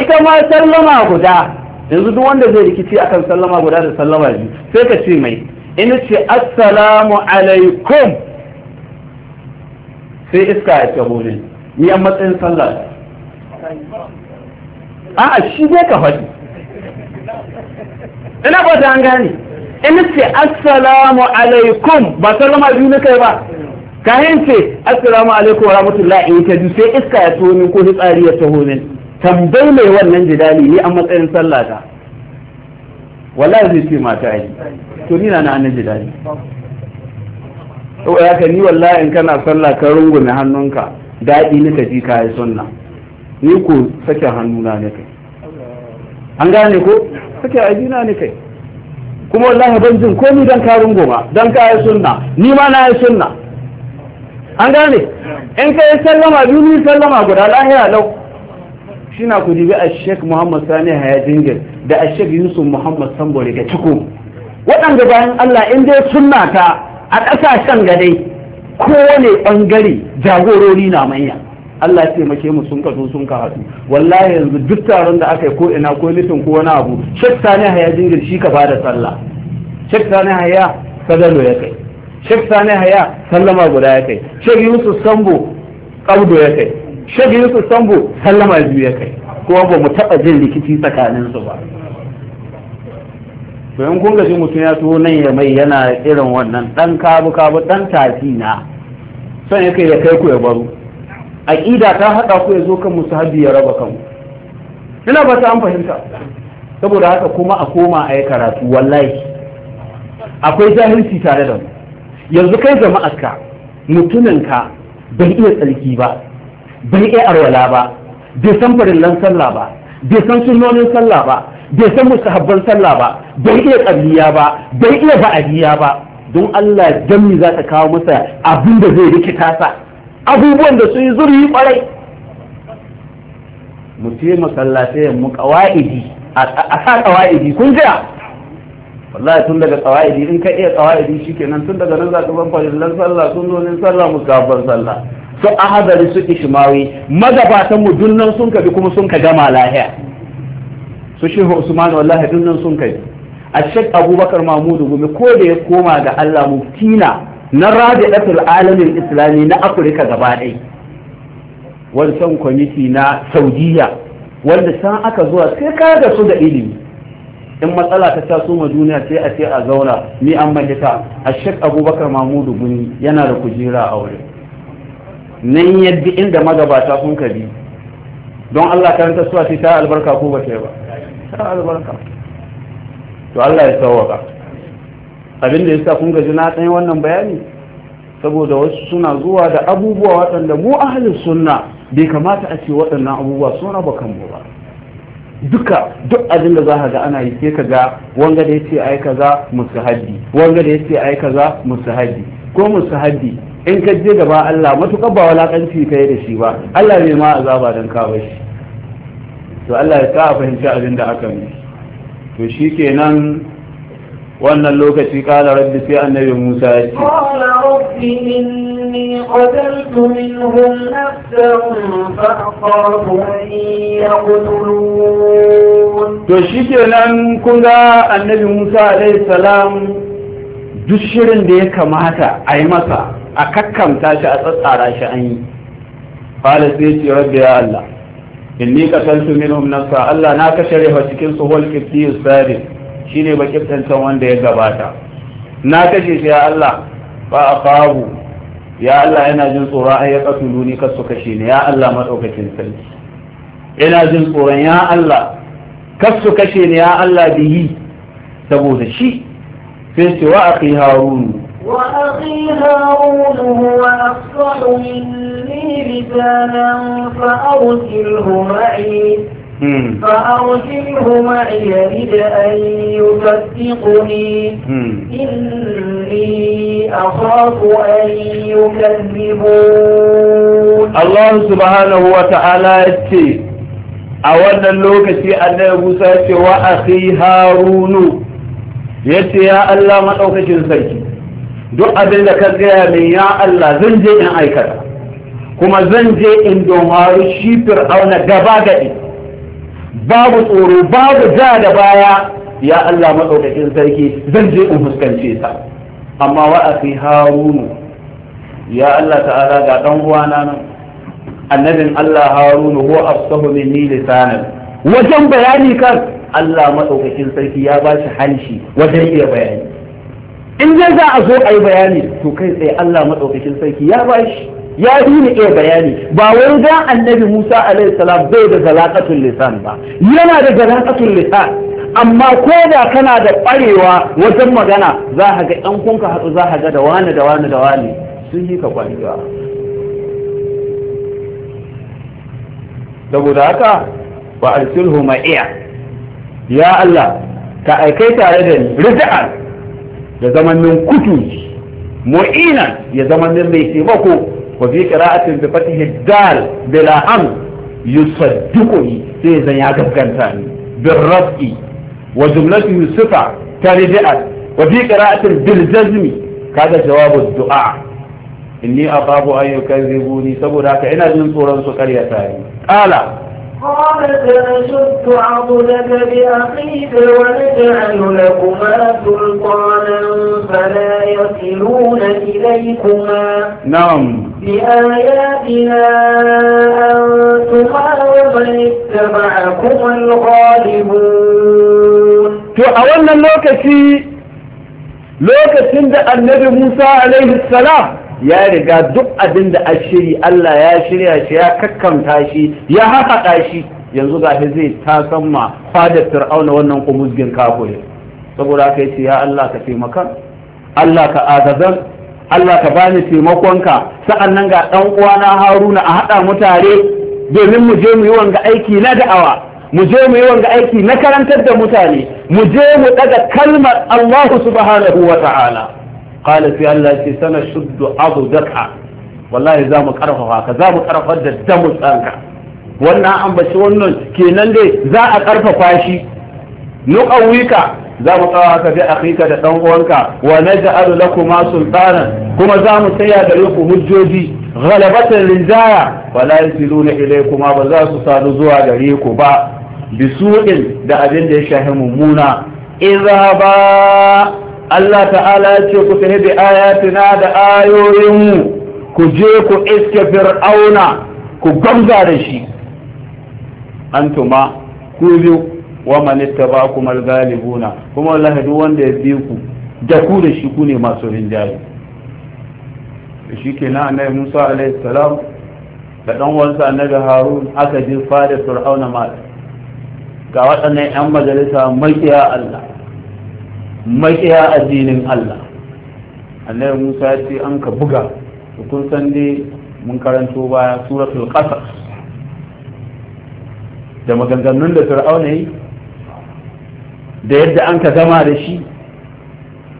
ita ma sallama guda yanzu duk wanda zai rikici akan sallama guda da sallama biyu sai ka ce mai in ce assalamu alaikum sai iska ya ce hulun ni a matsayin sallah a'a shi zai ka faɗi ina ba ta an gane in ce assalamu alaikum ba sallama biyu na kai ba Ka ce assalamu alaikum wa rahmatullahi in ta sai iska ya taho min ko fitsari ya taho min tambay mai wannan jidali ni a matsayin ta wallahi zai ce mata yi to ni na na annan jidali to ya ka ni wallahi in kana sallah ka rungume hannunka daɗi ka ji kayi sunna ni ko saka hannuna ne kai an gane ko kake a jina ne kai kuma wallahi ban jin komai dan ka goma dan ka yi sunna ni ma na yi sunna an gane in ka sallama biyu ni sallama guda lahiya lau shi ku dibi a sheik muhammad sani haya jingir da a sheik yusuf muhammad sambo ga ciko waɗanda bayan allah in dai sunna ta a ƙasashen gadai kowane ɓangare jagorori na manya Allah ya taimake mu sun kaso sun ka hadu. wallahi yanzu duk taron da aka yi ko ina ko litin ko wani abu shek sani haya jingir shi ka bada sallah shek sani haya sadalo ya kai shek sani haya sallama guda ya kai shek yusuf sambo kaudo ya kai shek yusuf sambo sallama biyu ya kai ko ba mu taɓa jin likiti tsakanin su ba to in kun gaji mutum ya tuwo nan ya mai yana irin wannan dan kabu kabu dan tafi na son yake ya kai ku ya baro aƙida ta haɗa ku ya zo kan musahabi ya raba kanku ina ba ta an fahimta saboda haka kuma a koma a yi karatu wallahi akwai jahilci tare da mu yanzu kai jama'arka ka bai iya tsarki ba bai iya arwala ba bai san farillan sallah ba bai san sunonin sallah ba bai san mustahabban sallah ba bai iya qabliya ba bai iya ba'adiyya ba don Allah jami za ta kawo masa abin da zai rikita sa abubuwan da sun yi zurfi kwarai mu ce masallatai mu kawa'idi a sa kawa'idi kun jira wallahi tun daga kawa'idi in ka iya kawa'idi shikenan tun daga nan za ka ban farillan sallah ne sallah mu musafar sallah su hadari su ishmawi magabatan mu dunnan sun kabi kuma sun ka gama lahiya su shehu usman wallahi dunnan sun kabi a shek abubakar mahmudu gumi ko da ya koma ga allah tina na rabi'atul alamin islami na afirka gaba ɗai wancan kwamiti na saudiya wanda san aka zuwa sai ka da su da ilimi in matsala ta taso ma duniya sai a ce a zauna ni an mahita a shek abubakar mamudu guni yana da kujera a wurin nan yadda inda magabata sun kabi don allah karanta suwa ta albarka ko ba ta ba ta albarka to allah ya sauwaka abin da yasa kun gaji na ɗan wannan bayani saboda wasu suna zuwa da abubuwa waɗanda mu ahalin sunna bai kamata a ce waɗannan abubuwa suna ba kan ba duka duk abin da za ka ga ana yi sai ka ga wanga da yace ai kaza musahabi wanga da yace ai kaza musahabi ko musahabi in ka je gaba Allah matukar ba walakanci kai da shi ba Allah bai ma azaba dan ka shi to Allah ya sa fahimci abin da aka yi to shi shikenan wannan lokaci kala rabbi sai annabi Musa ya ce qala rabbi inni qataltu minhum nafsan fa'aqabu yaqtulun to shikenan kun ga annabi Musa alaihi salam duk shirin da ya kamata a yi masa a kakkamta shi a tsatsara shi an yi qala sai ce rabbi ya Allah inni qataltu minhum nafsa Allah na kashe rewa cikin su wal qibtiyus shine ba kiftanta wanda ya gabata na kashe shi ya Allah ba aqabu ya Allah yana jin tsoron ai ya katulu ni kasu kashe ne ya Allah madaukakin sarki ina jin tsoron ya Allah kasu kashe ne ya Allah bihi saboda shi sai ce wa aqi harun wa aqi harun huwa afsahu minni lisanan fa arsilhu Hmm. فأرسله معي يرد أن يصدقني hmm. إني أخاف أن يكذبون الله سبحانه وتعالى a wannan lokaci annabi Musa ya ce wa akhi Harunu yace ya Allah madaukakin sarki duk abin da ka gaya min ya Allah zan je in aikata kuma zan je in don haru shi fir'auna gaba gadi babu tsoro babu ja da baya ya Allah maɗaukakin sarki zan je in fuskance ta. amma wa a fi harunu ya Allah ta'ala ga dan uwana nan annabin Allah harunu huwa afsahu minni lisanan wajen bayani kan Allah maɗaukakin sarki ya ba shi hanshi wajen iya bayani in dai za a zo a yi bayani to kai tsaye Allah maɗaukakin sarki ya ba shi ya yi ni iya bayani ba wai ga annabi Musa alaihi salam bai da zalaqatul lisan ba yana da zalaqatul lisan amma ko da kana da ƙwarewa wajen magana za ka ga ɗan kunka haɗu za ka ga da wani da wani da wani sun yi ka kwarewa saboda haka ba arsilhu ma'iya ya Allah ka aikai tare da rija'an da zamanin kutu mu'inan ya zamanin mai taimako وفي قراءة بفتح الدال بلا هم يصدقني في زن يا غفغنتاني وجملة وجملته صفة ترجعت وفي قراءة بالجزم هذا جواب الدعاء إني أخاف أن يكذبوني سبراك إن جن صورة سكرية ثاني قال قال أشد عبدك بأخيك ونجعل لكما سلطانا فلا يصلون إليكما نعم بآياتنا أن تخاف من اتبعكم الغالبون to a wannan lokaci lokacin da annabi Musa alaihi salam ya riga duk abin da a shiri Allah ya shirya shi ya kakkamta shi ya haɗa shi yanzu ga zai ta ma fadar fir'auna wannan kumuzgin kafure saboda haka yace ya Allah ka taimaka Allah ka azazan Allah ka bani taimakonka sa'an nan ga ɗan uwana Haruna a haɗa mu tare domin mu je mu yi wanga aiki na da'awa mu je mu yi wanga aiki na karantar da mutane mu je mu daga kalmar Allah subhanahu wa ta'ala qala fi Allah ki sana shuddu abudaka wallahi za mu karfafa ka za mu karfafa da tsanka wannan ambaci wannan kenan dai za a karfafa shi nuqawika za mu tsawa haka bi akika da dan uwanka wa naj'alu lakuma sultanan kuma za mu tsaya da ku hujjoji ghalabatan rinjaya wala yasiluna ilaykuma ba za su sadu zuwa gare ku ba bisu'in da abin da ya shahi mummuna idza ba Allah ta'ala ya ce ku tafi bi ayatina da ayoyinmu ku je ku iske fir'auna ku gamza da shi antuma ku biyu wa man ittaba'akum al-ghalibuna kuma wallahi duk wanda ya bi ku da ku da shi ku ne masu rinjaye na annabi Musa alaihi salam da dan wansa annabi Harun aka ji fada Fir'auna ma ga waɗannan 'yan majalisa makiya Allah makiya addinin Allah annabi Musa ya ce an ka buga kun san dai mun karanto baya suratul qasas da maganganun da fir'auna yi da yadda an ka gama da shi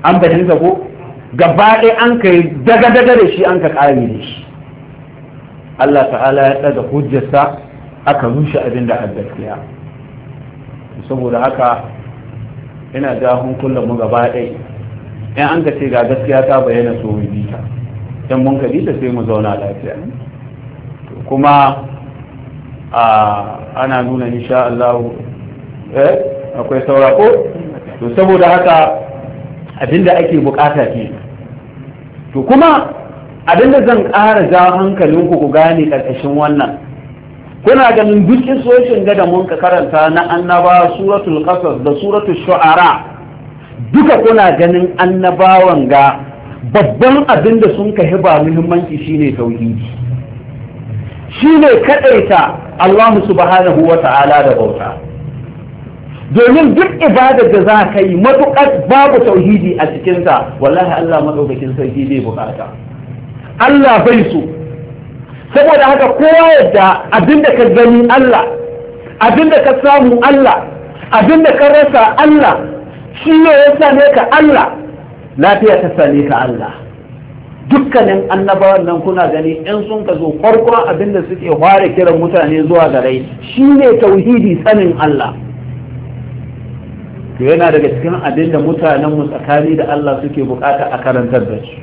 an fahimta ko gaba ɗaya an ka daga-daga da shi an ka ƙari da shi Allah ta'ala ya ɗaga hujjarsa aka rushe abin da gaskiya saboda haka ina ja hankulan mu gaba ɗaya in an ka ce ga gaskiya ta bayyana so mu bi ta mun ka da sai mu zauna lafiya kuma ana nuna insha Allah eh akwai sauraro to saboda haka abinda ake bukata ke to kuma abinda zan ƙara ja hankalin ku gane ƙarƙashin wannan kuna ganin duk isoshin gada mun ka karanta na annaba suratul qasas da suratul shu'ara duka kuna ganin annabawan ga babban abin da sun kahi ba muhimmanci shine tauhidi shine kadaita Allah subhanahu wa ta'ala da bauta domin duk ibadar da za ka yi matuƙar babu tauhidi a cikinta wallahi Allah maɗaukakin sarki bai bukata Allah bai so saboda haka kowa yadda abinda ka gani Allah abinda ka samu Allah abinda ka rasa Allah shi ne ya same ka Allah lafiya ta same ka Allah dukkanin annabawan nan kuna gani in sun ka zo farkon abinda suke ware kiran mutane zuwa gare shi ne tauhidi sanin Allah to yana daga cikin abin da mutanen mu tsakani da Allah suke bukata a karantar da shi,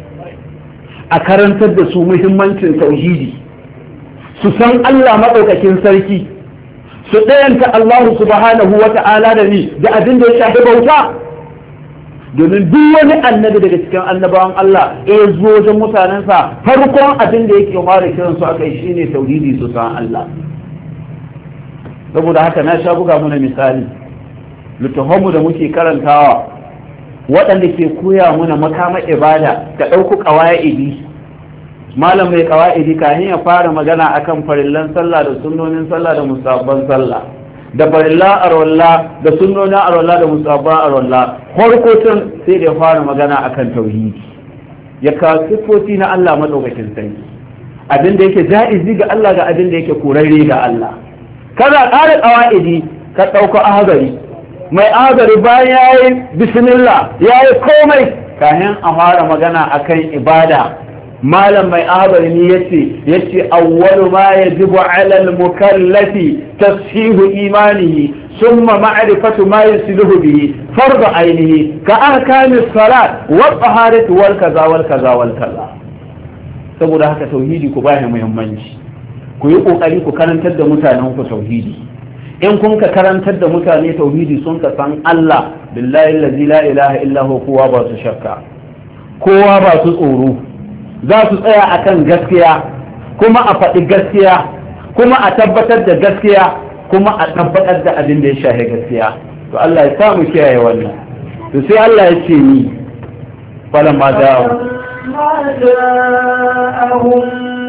a karantar da su muhimmancin tauhidi su san Allah maɗaukakin sarki su ɗayanta Allah subhanahu wa ta'ala da ni da abin da ya shafi bauta domin duk wani annabi daga cikin annabawan Allah ya eh, zo wajen mutanensa farkon abin da yake fara kiran su akai shine tauhidi su san Allah saboda haka na sha buga mana misali littafanmu da muke karantawa waɗanda ke koya mana makamar ibada da ɗauku ƙawa'idi malam mai ƙawa'idi kahin ya fara magana akan farillan sallah da sunnonin sallah da musabban sallah da farilla arwallah da sunnonin arwallah da musabban arwallah farkocin sai da ya fara magana akan tauhidi ya ka siffofi na Allah madaukakin sarki abin da yake ja'izi ga Allah ga abin da yake korarre ga Allah kada ƙara ƙawa'idi ka ɗauka ahagari mai azari bayan ya yi bisimillah ya yi komai kahin a fara magana akan ibada malam mai azari ne yace yace awwalu ma yajibu ala al-mukallafi tashihu imanihi thumma ma'rifatu ma yusiluhu bihi fardu ainihi ka ahkamis salat wa taharatu wal kaza wal kaza wal kaza saboda haka tauhidi ku bayan muhimmanci ku yi kokari ku karantar da mutanen ku tauhidi in kun ka karantar da mutane tauhidi sun ka san Allah billahi allazi la ilaha kowa ba su shakka kowa ba su tsoro za su tsaya akan gaskiya kuma a faɗi gaskiya kuma a tabbatar da gaskiya kuma a tabbatar da abin da ya shahe gaskiya to Allah ya samu kiyaye wannan to sai Allah ya ce ni falamma da'u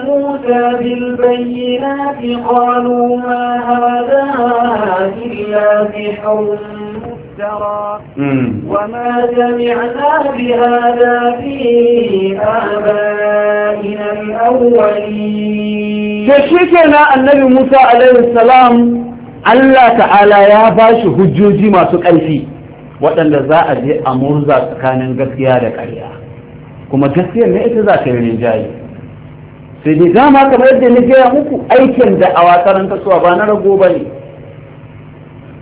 موسى بالبينات قالوا ما هذا إلا سحر مفترى وما سمعنا بهذا في آبائنا الأولين كشكنا النبي موسى عليه السلام Allah ta'ala ya ba shi hujjoji masu ƙarfi waɗanda za a je a murza tsakanin gaskiya da ƙarya kuma gaskiyar ne ita za ta yi rinjaye sai dai dama kamar yadda na gaya muku aikin da a wasaran kasuwa ba na rago ba ne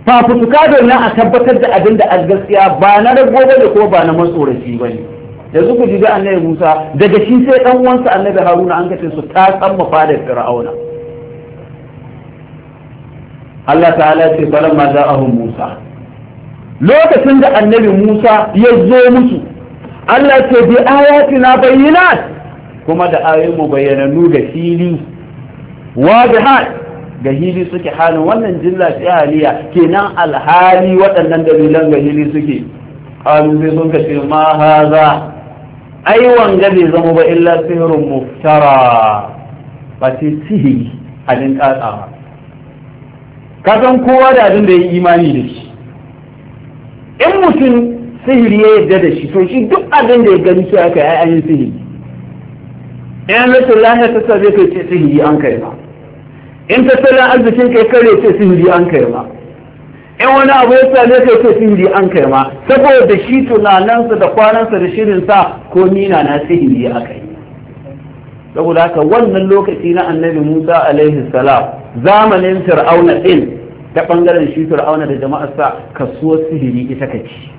fafutuka da na a tabbatar da abin da a gaskiya ba na rago ba ne ko ba na matsoraci ba ne yanzu ku ji ga annabi musa daga shi sai dan uwansa annabi haruna an kace su ta tsamma fadar fir'auna Allah ta'ala ce falamma za'ahum musa lokacin da annabi musa ya zo musu Allah ce bi ayatina bayyinat kuma da ayoyi mu bayyananu ga fili wadihat ga hili suke halin wannan jilla aliya kenan alhali waɗannan dalilan ga hili suke qalu zai sun kace ma haza ai wanga bai zama ba illa sihirun muftara ba sai sihiri halin katsawa ka san kowa da abin da ya yi imani da shi in mutum sihiri ya yarda da shi to shi duk abin da ya gani sai aka yi ayin yi sihiri in rashin lafiya ta same ka ce sihiri an kai in tattalin arzikin kai kare ce sihiri an kai ba in wani abu ya same kai ce sihiri an kai ma saboda shi tunanansa da kwanansa da sa, ko nina na sihiri ya kai saboda haka wannan lokaci na annabi musa alaihi salam zamanin fir'auna din ta bangaren shi fir'auna da jama'arsa kasuwar sihiri ita kaci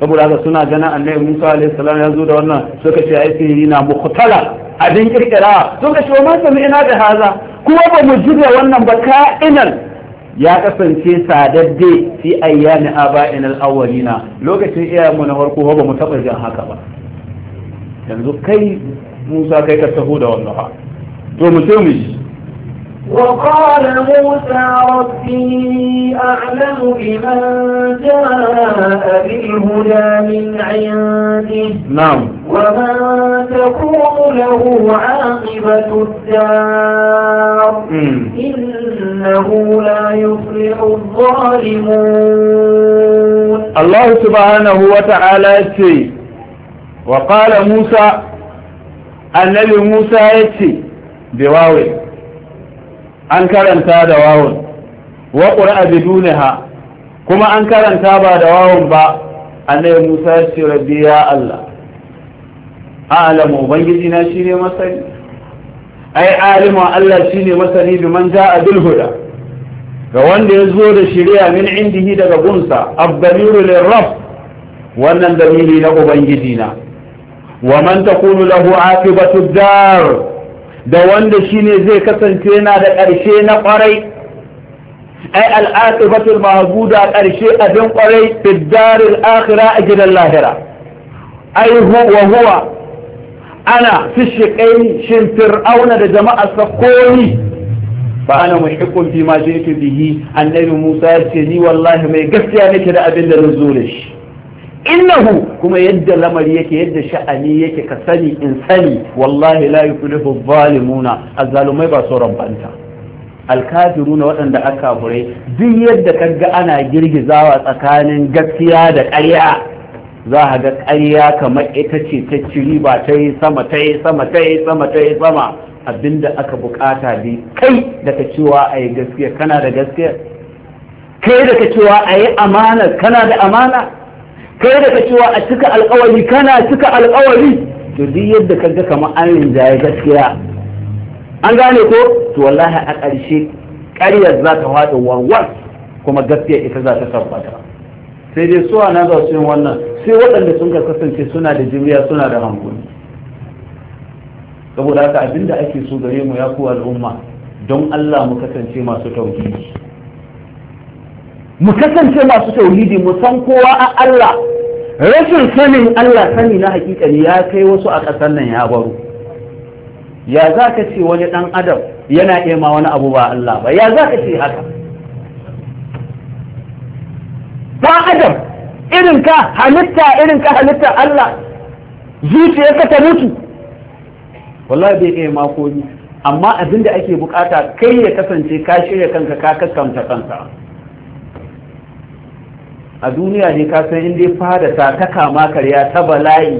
saboda haka suna ganin annabi Musa alayhi salam ya zo da wannan suka ce ai sai yana mukhtala abin kirkira suka ce ma sami ina da haza kuma ba mu ji da wannan ba ka'inan ya kasance sadadde fi ayyami aba'in al-awwalina lokacin iyayenmu na farko ba mu taba jin haka ba yanzu kai Musa kai ka taho da wannan ha to mu ce mu وقال موسى ربي أعلم بمن جاء بالهدى من عنده نعم ومن تكون له عاقبة الدار إنه لا يفلح الظالمون الله سبحانه وتعالى يتي وقال موسى النبي موسى يتي بواوي an karanta da wawun wa qur'a bidunha kuma an karanta ba da wawun ba annabi Musa ya ce rabbi ya Allah a'lamu ubangiji na shine masani ai alimu Allah shine masani bi man ja'a bil huda ga wanda ya zo da shari'a min indihi daga gunsa abdamiru lirraf wannan dalili na ubangiji na wa man takunu lahu aqibatu dar da wanda shine zai kasance yana da ƙarshe na ƙwarai ai al'aqibatul mahduda ƙarshe abin ƙwarai fiddaril akhira a gidan lahira ai huwa huwa ana fi shiƙai shin fir'auna da jama'a sakoni fa ana muhiqqun fi ma jitu bihi annabi Musa ya ce ni wallahi mai gaskiya nake da abin da nazo zo shi innahu kuma yadda lamari yake yadda sha'ani yake ka sani in sani wallahi la yuflihu zalimuna azzalumai ba sauran banta alkafiruna waɗanda aka hure duk yadda kaga ana girgizawa tsakanin gaskiya da ƙarya za a ga ƙarya kamar ita ce ta ciri ba ta yi sama ta yi sama ta yi sama ta yi sama abinda aka bukata bi kai da ka cewa a yi gaskiya kana da gaskiya kai da cewa a yi amana kana da amana kai da ka cewa a cika alkawari kana cika alkawari to duk yadda ka ga kamar an rinjaye gaskiya an gane ko to wallahi a ƙarshe ƙaryar za ta faɗi wanwan kuma gaskiya ita za ta tabbata sai dai suwa na za su wannan sai waɗanda sun ka kasance suna da jimiya suna da hankali saboda haka abinda ake so gare mu ya ku al'umma don Allah mu kasance masu tauhidi mu kasance masu tauhidi mu san kowa a Allah rashin sanin Allah sani na hakika ne ya kai wasu a ƙasar nan ya baro ya za ka ce wani ɗan adam yana ema wani abu ba Allah ba ya za ka ce haka ba adam irin ka halitta irin ka halitta Allah zuciyarka ta mutu wallahi bai iya ma komi amma abin da ake bukata kai ya kasance ka shirya kanka ka kaskanta kanka a duniya ne ka san inda fada ta ta kama karya ta bala'i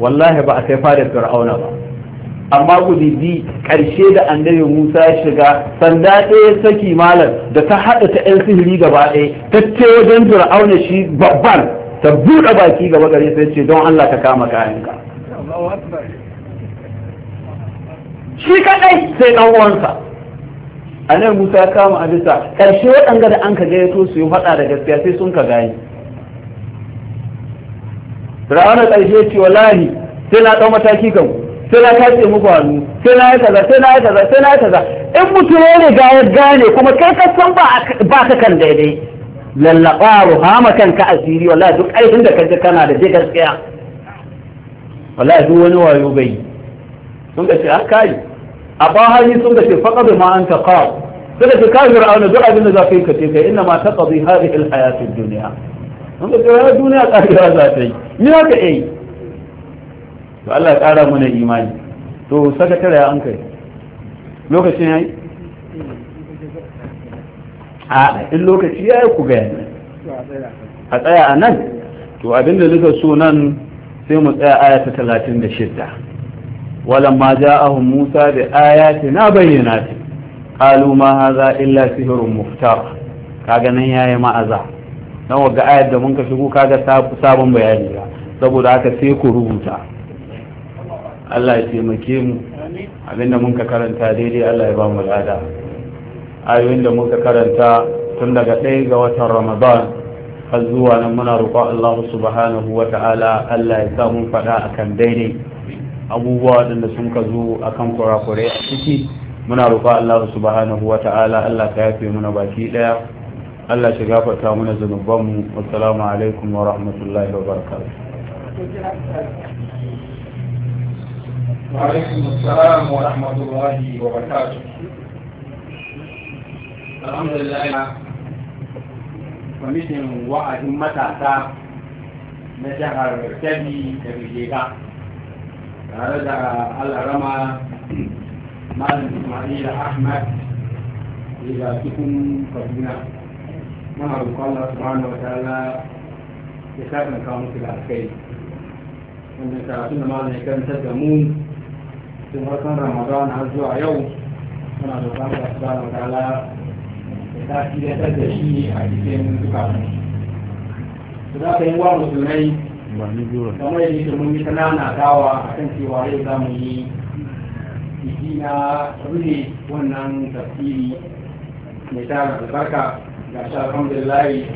wallahi ba a kai fada fir'auna ba amma bi karshe da annabi musa ya shiga sanda ɗaya saki malam da ta haɗa ta 'yan sihiri gaba ɗaya ta ce wajen fir'auna shi babban ta buɗe baki gaba gare sai ce don allah ka kama kayanka shi kaɗai sai ɗan uwansa annabi Musa ya kama a bisa ƙarshe waɗanda da an ka gayyato su yi faɗa da gaskiya sai sun ka gayi Fir'auna ƙarshe ce wallahi sai na ɗau mataki kan sai na kace muku hannu sai na yi kaza sai na yi kaza sai na yi kaza in mutum ne ga ya gane kuma kai ka san ba ka kan daidai lallaba ruhama ka asiri wallahi duk aikin da ka ji kana da je gaskiya wallahi duk wani wayo bai sun ga ce a ah, kai a hali sun ga ce faƙa ma an taƙa suka ce kai fir'auna duk abin da za ka yi ka ce kai inna ma taqdi hadhihi al-hayatid dunya an ga cewa duniya karewa za ta yi ni haka yi to Allah ya kara mana imani to Saka tara ya an kai lokacin ya yi a in lokaci ya yi ku ga yana a tsaya a nan to abinda nika so nan sai mu tsaya aya ta 36 walamma ja'ahum Musa bi ayatina bayyinatin qalu za hadha illa sihrun muftar kaga nan yayi ma'aza dan ga ayar da mun ka shigo kaga sabon bayani ga saboda haka sai ku rubuta Allah ya taimake mu abinda mun ka karanta daidai Allah ya ba mu lada ayoyin da muka karanta tun daga ɗaya ga watan Ramadan har zuwa nan muna roƙon Allah subhanahu wa ta'ala Allah ya sa mun faɗa akan daidai abubuwa waɗanda sun ka zo akan kurakurai a ciki muna roƙa Allah subhanahu wa ta'ala Allah ka yafe muna baki daya Allah shi gafarta muna zanubanmu assalamu alaikum wa rahmatullahi wa barakatuh wa alaikum assalam wa rahmatullahi wa barakatuh alhamdulillah kwamishin wa'adin matasa na jihar kebbi da bijega tare da alarama malam Ismail Ahmad daga cikin Kaduna muna roƙon Allah subhanahu wa ta'ala ya sakan kawo musu da alkai wannan karatu da malam ya karantar da mu tun farkon Ramadan har zuwa yau muna roƙon Allah subhanahu wa ta'ala ya tasirantar da shi a cikin zukatan su za ka yi wa musulmai kamar yadda mun yi ta nanatawa a kan cewa yau za mu yi na rufe wannan tafsiri mai tara albarka ga shi alhamdulillahi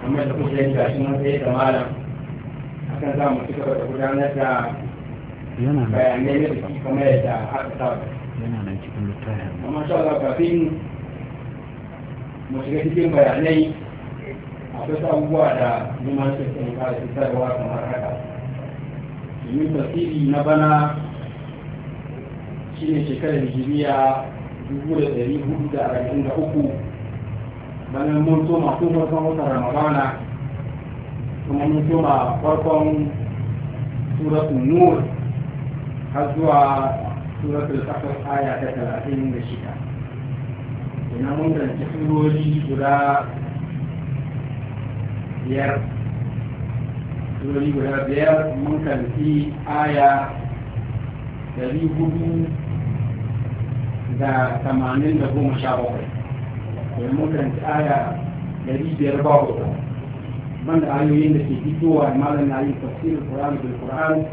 kamar da kusa yin gashi nan tsaye da malam akan za mu cika da gudanar da bayanai na biki kamar yadda aka saba yana nan cikin littafin amma sha Allah kafin mu shiga cikin bayanai akwai abubuwa da neman su kan kare fitarwa kamar haka domin tafsiri na bana shi ne shekarar hijiriya uku. bayan mun soma tun farkon wata ramadana kuma mun soma farkon suratu nur har zuwa suratu kasar aya ta talatin da shida ina mun zance surori guda biyar surori guda biyar mun kanci aya dari hudu da tamanin da goma sha bakwai da mutanci aya dari biyar ba hudu banda ayoyin da ke fitowa malam na yin tafsirin qur'an bil qur'an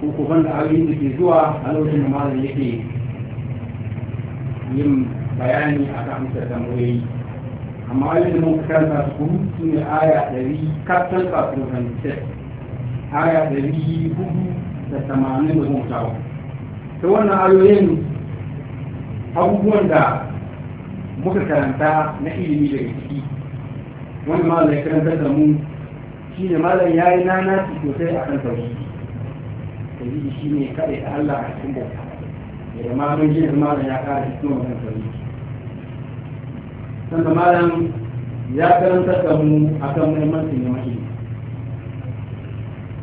ko ko banda ayoyin da ke zuwa a lokacin da malam yake yin bayani a kan amsar tambayoyi amma ayoyin da muka karanta su su ne aya dari kafin kafin hantar aya dari hudu da tamanin da goma sha bakwai ta wannan ayoyin abubuwan da muka karanta na ilimi daga ciki wani malam ya karanta da mu shi ne malam ya yi nana sosai a kan tauhidi yi shi ne kaɗai da Allah a cikin bauta daga malam da malam ya kara cikin wannan tauhidi sannan malam ya karanta da mu a kan muhimmancin neman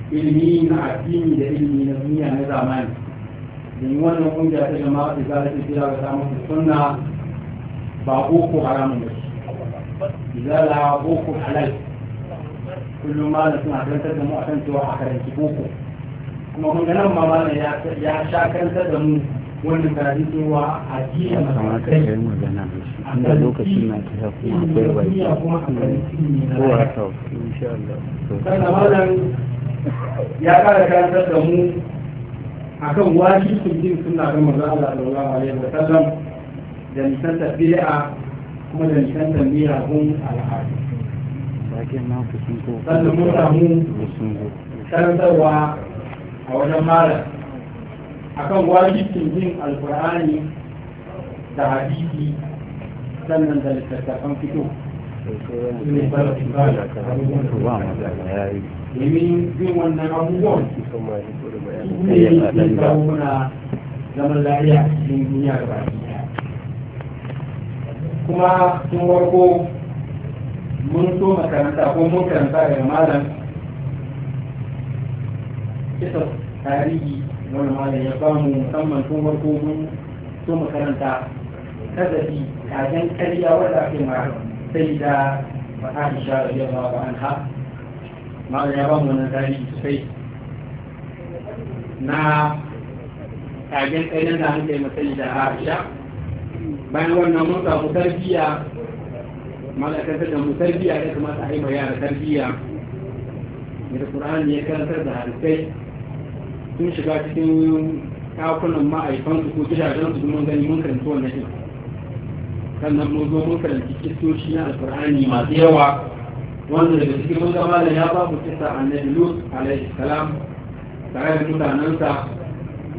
ilimi ilimi na addini da ilimi na duniya na zamani domin wannan kungiya ta jama'a da za ta kira ga samun sunna ba boko haramun da shi izala boko halal kullum ma da suna karantar da mu akan cewa a karanci boko kuma mun ganin ma ma ya sha karantar da mu wannan karatu cewa a jiya makamantai a lokacin na ta kuma akwai wai kuma a karanci ne na ya kara karantar da mu akan wajibin bin sunna ga manzo Allah sallallahu alaihi wa sallam da nisan bid'a kuma da nisantar miyagun al'adu sannan mun samu karantarwa a wajen mara akan wajibin jin alqur'ani da hadisi sannan da littattafan fito domin bin wannan abubuwan ne ke kawo muna zaman lafiya a duniya da kuma sun farko mun so makaranta ko mun karanta daga malam kisa tarihi wani malam ya bamu musamman sun farko mun so makaranta kasafi kajen karya wadda ake mara sai da Aisha radiyallahu anha ma ya ba mu na tarihi sosai na kai nan da an kai masai da Aisha bayan wannan mun samu tarbiyya malakar da mu tarbiyya ya kuma ta yi yara tarbiyya da Qur'ani ya karantar da hadisai sun shiga cikin ɗakunan ma'aikansu ko gidajensu domin gani mun karanta wannan shi sannan mun zo mun karanci kistoshi na alkur'ani masu yawa wanda daga cikin mun gama da ya ba mu kisa annabi lut alaihi salam tare da mutanensa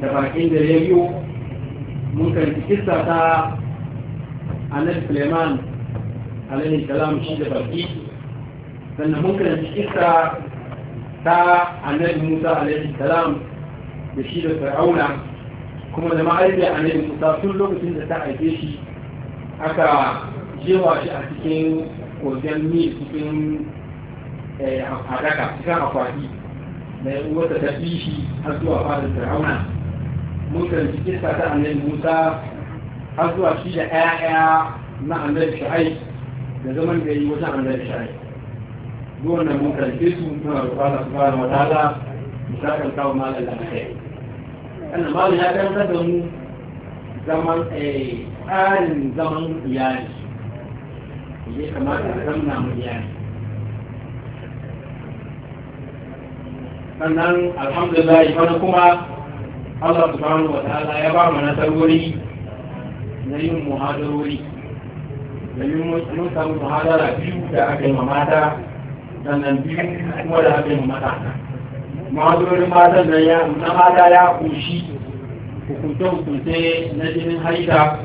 da bakin da ya biyo mun karanta kisa ta annabi suleiman alaihi salam shi da baki sannan mun karanta kisa ta annabi musa alaihi salam da shi da fir'auna kuma da ma'aikata annabi musa sun lokacin da ta aike shi aka jewa shi a cikin kogin mil cikin eh, hadaka cikin akwati na wata ta fi shi har zuwa fadar fir'auna mun karanci kisa ta annabi musa har zuwa shi da 'ya'ya na annabi shahai da zaman da yi wata annabi shahai duk da mun karanci su suna roƙa da subhanahu wa ta'ala mu kawo malam da kai annabi malam ya karanta da mu zaman eh tsarin zaman iyali ya kamata a zamna mu iyali sannan alhamdulillah wani kuma Allah subhanahu wa ta'ala ya ba mu nasarori na yin muhadarori domin mun samu muhadara biyu da aka yi mata sannan biyu kuma da aka yi mata mahadurorin matan nan na mata ya kunshi hukunce-hukunce na jinin haita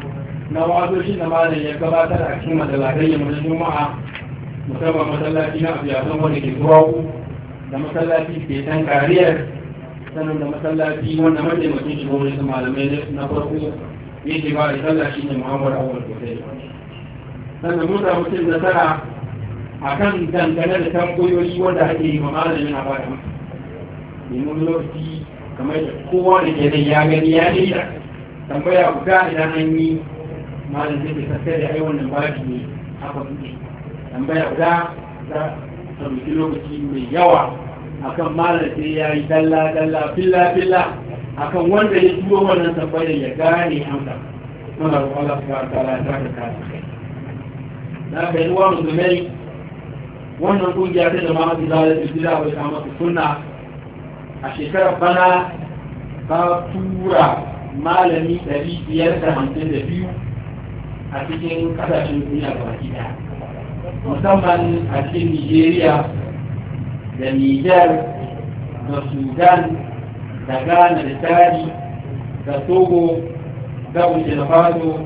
na wazoshin da malam ya gabatar a cikin masallatai yamma na juma'a musamman masallaci na abiyasan wanda ke turaku da masallaci ke san kariyar sannan da masallaci wanda mataimakin shi gwamnati su malamai na farko ya ce ba da sallah shi ne muhammadu awal sosai sannan mun samu cin nasara a kan dangane da tambayoyi wanda ake yi wa malamin a bada masa domin lokaci kamar da kowa da ke ya gani ya daida tambaya guda idan an yi malam zai bisa sai da ai wannan bashi ne haka kuɗi tambaya guda za ta ɗauki lokaci mai yawa akan malam sai ya yi dalla dalla filla filla akan wanda ya tuwo wannan tambayar ya gane amsa muna roƙon Allah subhanahu ta'ala ya saka ka na kai ruwa musulmai wannan kungiya ta jama'a ta zalala ta jira wa ta masa sunna a shekarar bana ta tura malami 552 a cikin kasashen duniya baki daya musamman a cikin nigeria da niger da sudan da ghana da tari da togo da burkina faso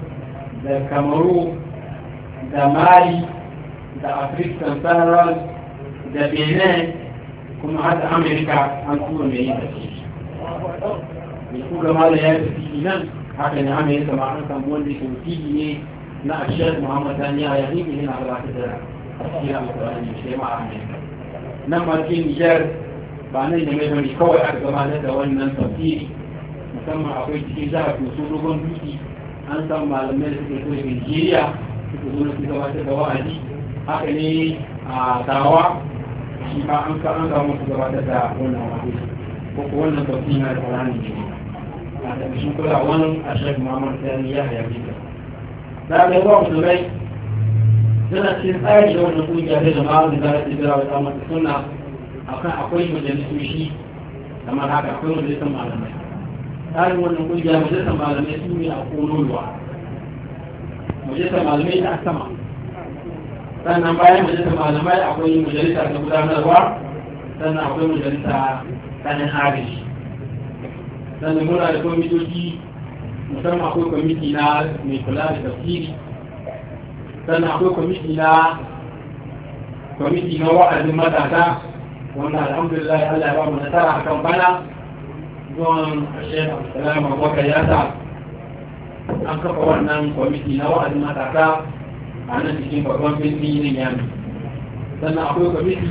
da kamaru da mali da afirka sahara da benin kuma har da amurka an tura mai yin tafi mai kura mala ya tafi nan haka ne amurka ma an samu wanda ke ne مع الشيخ محمد ثاني يغيب آية، هنا على كده السلام عليكم جماعة نما كين جار بعدين لما يبني كوي حق ما وانا في سورة بيتي أنت مع الملك في في سورة آه، في دواء دي na ga yawan musulmai suna cikin tsari da wannan kungiya ta jama'a da za su jira wa samun suna akan akwai majalisoshi kamar haka akwai majalisar malamai tsarin wannan kungiya majalisar malamai su ne a kololuwa majalisar malamai ta sama sannan bayan majalisar malamai akwai majalisa ta gudanarwa sannan akwai majalisa tsanin agaji sannan muna da kwamitoci musamman akwai kwamiti na mai kula da tafsiri sannan akwai kwamiti na kwamiti na wa'azin matasa wanda alhamdulillah Allah ya ba mu nasara a kan bana zuwan ashe abdulsalam abubakar ya sa an kafa wannan kwamiti na wa'azin matasa a nan cikin babban birni ne yami sannan akwai kwamiti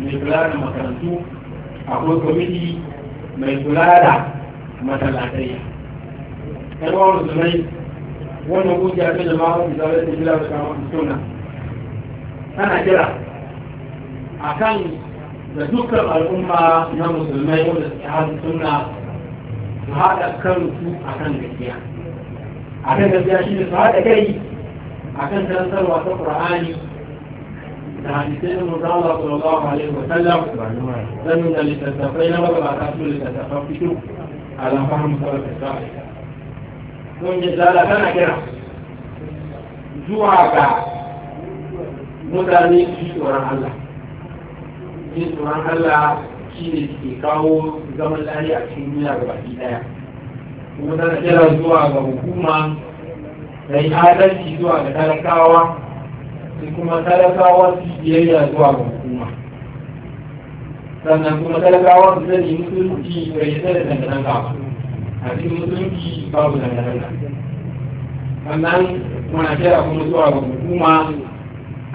mai kula da makarantu akwai kwamiti mai kula da masallatai رواه الزميل والموجود في جماعة إزالة الخلاف كما السنة أنا كده عشان ذكر الأمة من المسلمين والاستحاد السنة وهذا كان عشان الجزية عشان الجزية شيء فهذا كي عشان تنسل وتقرآني حديثين من الله صلى الله عليه وسلم لن نلتفقين ولا تعتقدوا لتتفقوا على فهم سلف الصالح kungiyar zala tana kira zuwa ga mutane su tsoron Allah su tsoron Allah shi ne ke kawo zaman lari a cikin duniya ga baki daya kuma tana kira zuwa ga hukuma da yi adalci zuwa ga talakawa sai kuma talakawa su biyayya zuwa ga hukuma sannan kuma talakawa su zai yi musulunci bai zai da dangantaka a cikin musulunci babu zanga-zanga sannan muna kira kuma zuwa ga hukuma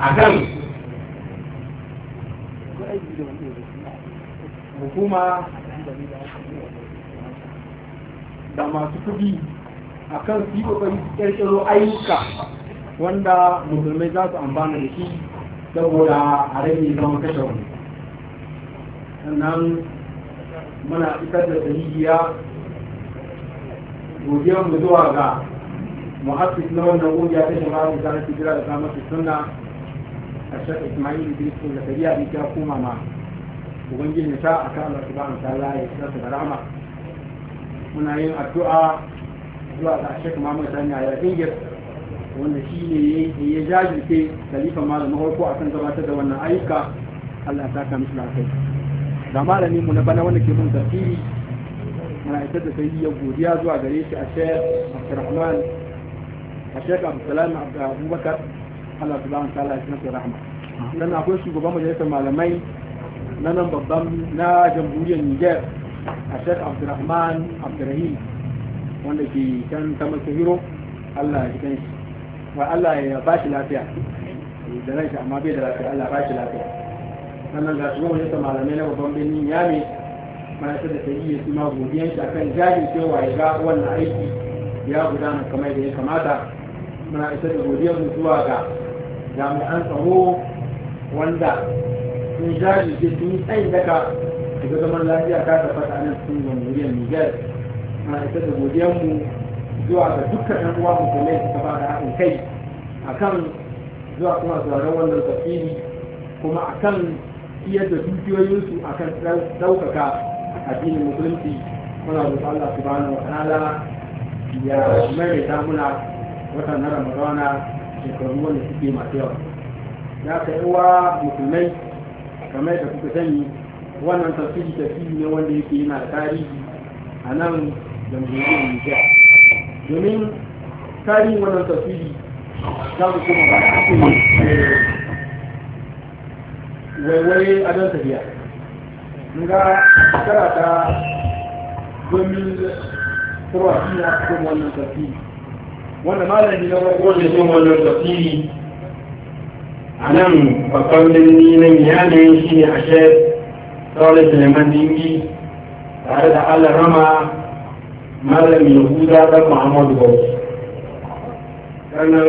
a kan hukuma da masu kudi a kan su yi kokari kirkiro ayyuka wanda musulmai za su amfana da shi saboda a rage zama kashe wani sannan muna isar da tsariya godiyar mu zuwa ga muhaffis na wannan kungiya ta shaba mu zan jira da samun suna a shaka Ismail Idris ko Zakariya bi ta kuma ma ubangiji ta akan Allah subhanahu wa ta'ala ya tsara da rama muna yin addu'a zuwa ga Sheikh Muhammad Sani ya dingir wanda shi ne ya jajirce khalifa malam farko akan gabatar da wannan ayyuka Allah ta saka na lafiya da malamin mu na bana wanda ke mun tafsiri na ita da sai ya godiya zuwa gare shi a shek abdurrahman a shek abdulsalam abubakar allah subhanahu wa ta'ala shi akwai shugaban majalisar malamai na nan babban na jamhuriyar niger a shek abdurrahman abdurrahim wanda ke allah ya kan shi wa allah ya ba shi lafiya da ran amma bai da lafiya allah ba shi lafiya sannan ga shugaban majalisar malamai na babban birnin yami marasa da ta yi kuma godiyar shi akan jajin cewa ya ga wannan aiki ya gudana kamar da ya kamata muna isa da godiyar mu zuwa ga jami'an tsaro wanda sun jajirce sun yi tsayin daga daga zaman lafiya ta tabbata nan sun cikin jamhuriyar niger muna isa da godiyar mu zuwa ga dukkan ɗan uwa musulmai suka ba da haɗin kai akan zuwa kuma sauraron wannan tafsiri kuma akan iya da dukiyoyinsu akan ɗaukaka addinin musulunci muna roƙon Allah subhanahu wa ta'ala ya mai da muna watan na Ramadana shekaru wani suke masu yawa ya ka uwa musulmai kamar da kuka sani wannan tafsiri tafsiri ne wanda yake yana da tarihi a nan jamhuriyar Nijar domin tarihin wannan tafsiri za mu kuma ba a cikin eh, waiwaye a don tafiya nga karata 2003 ne aka kuma wannan tafsiri wanda malami na wani cikin wannan tafsiri a nan babban birni na yanayin shi ne a shef saurin suleiman dingi tare da allah rama malam yahuda dan muhammadu bauchi sannan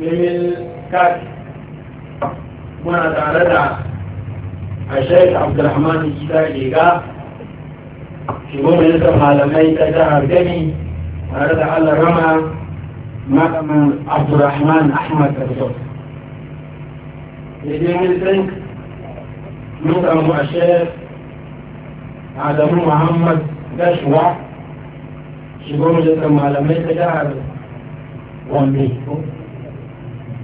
mimil kat muna tare da الشيخ عبد الرحمن الجزائري قال في قوم يسر حالمي تجهر جني ورد على الرمى مقام عبد الرحمن أحمد الرسول يجي من سنك مقام الشيخ عدم محمد دشوع في قوم يسر حالمي تجهر ومي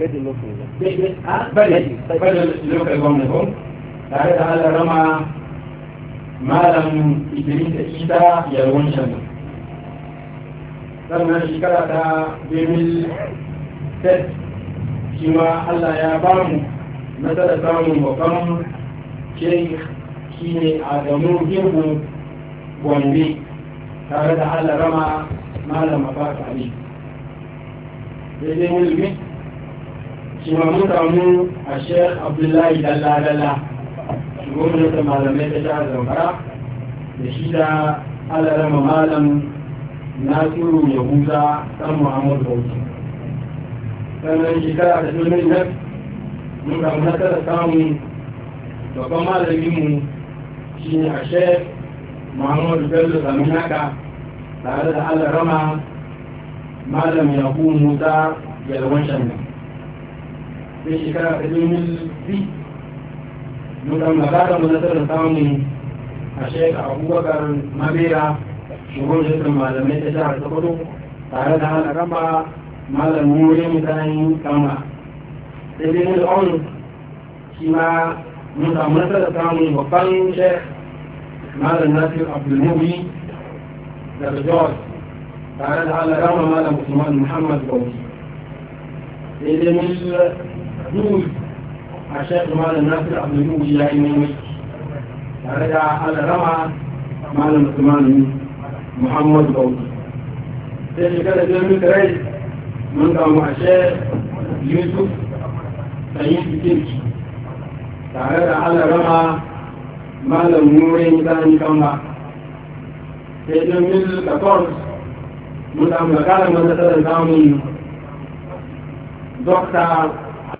بدل لوك بدل لوك بدل لوك tare da Allah rama malam Idris Isa yalwan shan sannan shekara ta 2007 shi ma Allah ya ba mu nasarar samun babban sheikh shi ne Adamu Girbu Gombe tare da Allah rama malam Abbas Ali daidai mulki shi ma mun samu a sheikh Abdullahi Dalla Dalla gwamnatin malamai ta jihar zamfara da shi da alarama malam nasiru yahuza san muhammadu bauchi sannan shekara da sunan nan mun samu nasarar samun babban malaminmu shi ne a shek muhammadu bello saminaka tare da alarama malam yahu musa yalwan shannan sai shekara da sunan nukan magana mu nasarar samun a shek abubakar mamera shugaban shekar malamai ta jihar sokoto tare da hana raba malam nuri mutanen kama sai dai nuna on shi ma mun samu nasarar samun babban shek malam nasir abdulmubi daga george tare da hana raba malam usman muhammad bauchi sai dai mun a shekh malam nasir abdullu ya yi mai tare da alarama malam musulmanu muhammadu bauchi sai shekara da muka rai mun gamu a shekh yusuf sayin fitinki tare da alarama malam murin zani kamba sai don mil kakors mun gamu da kalan wanda tsarin samun dokta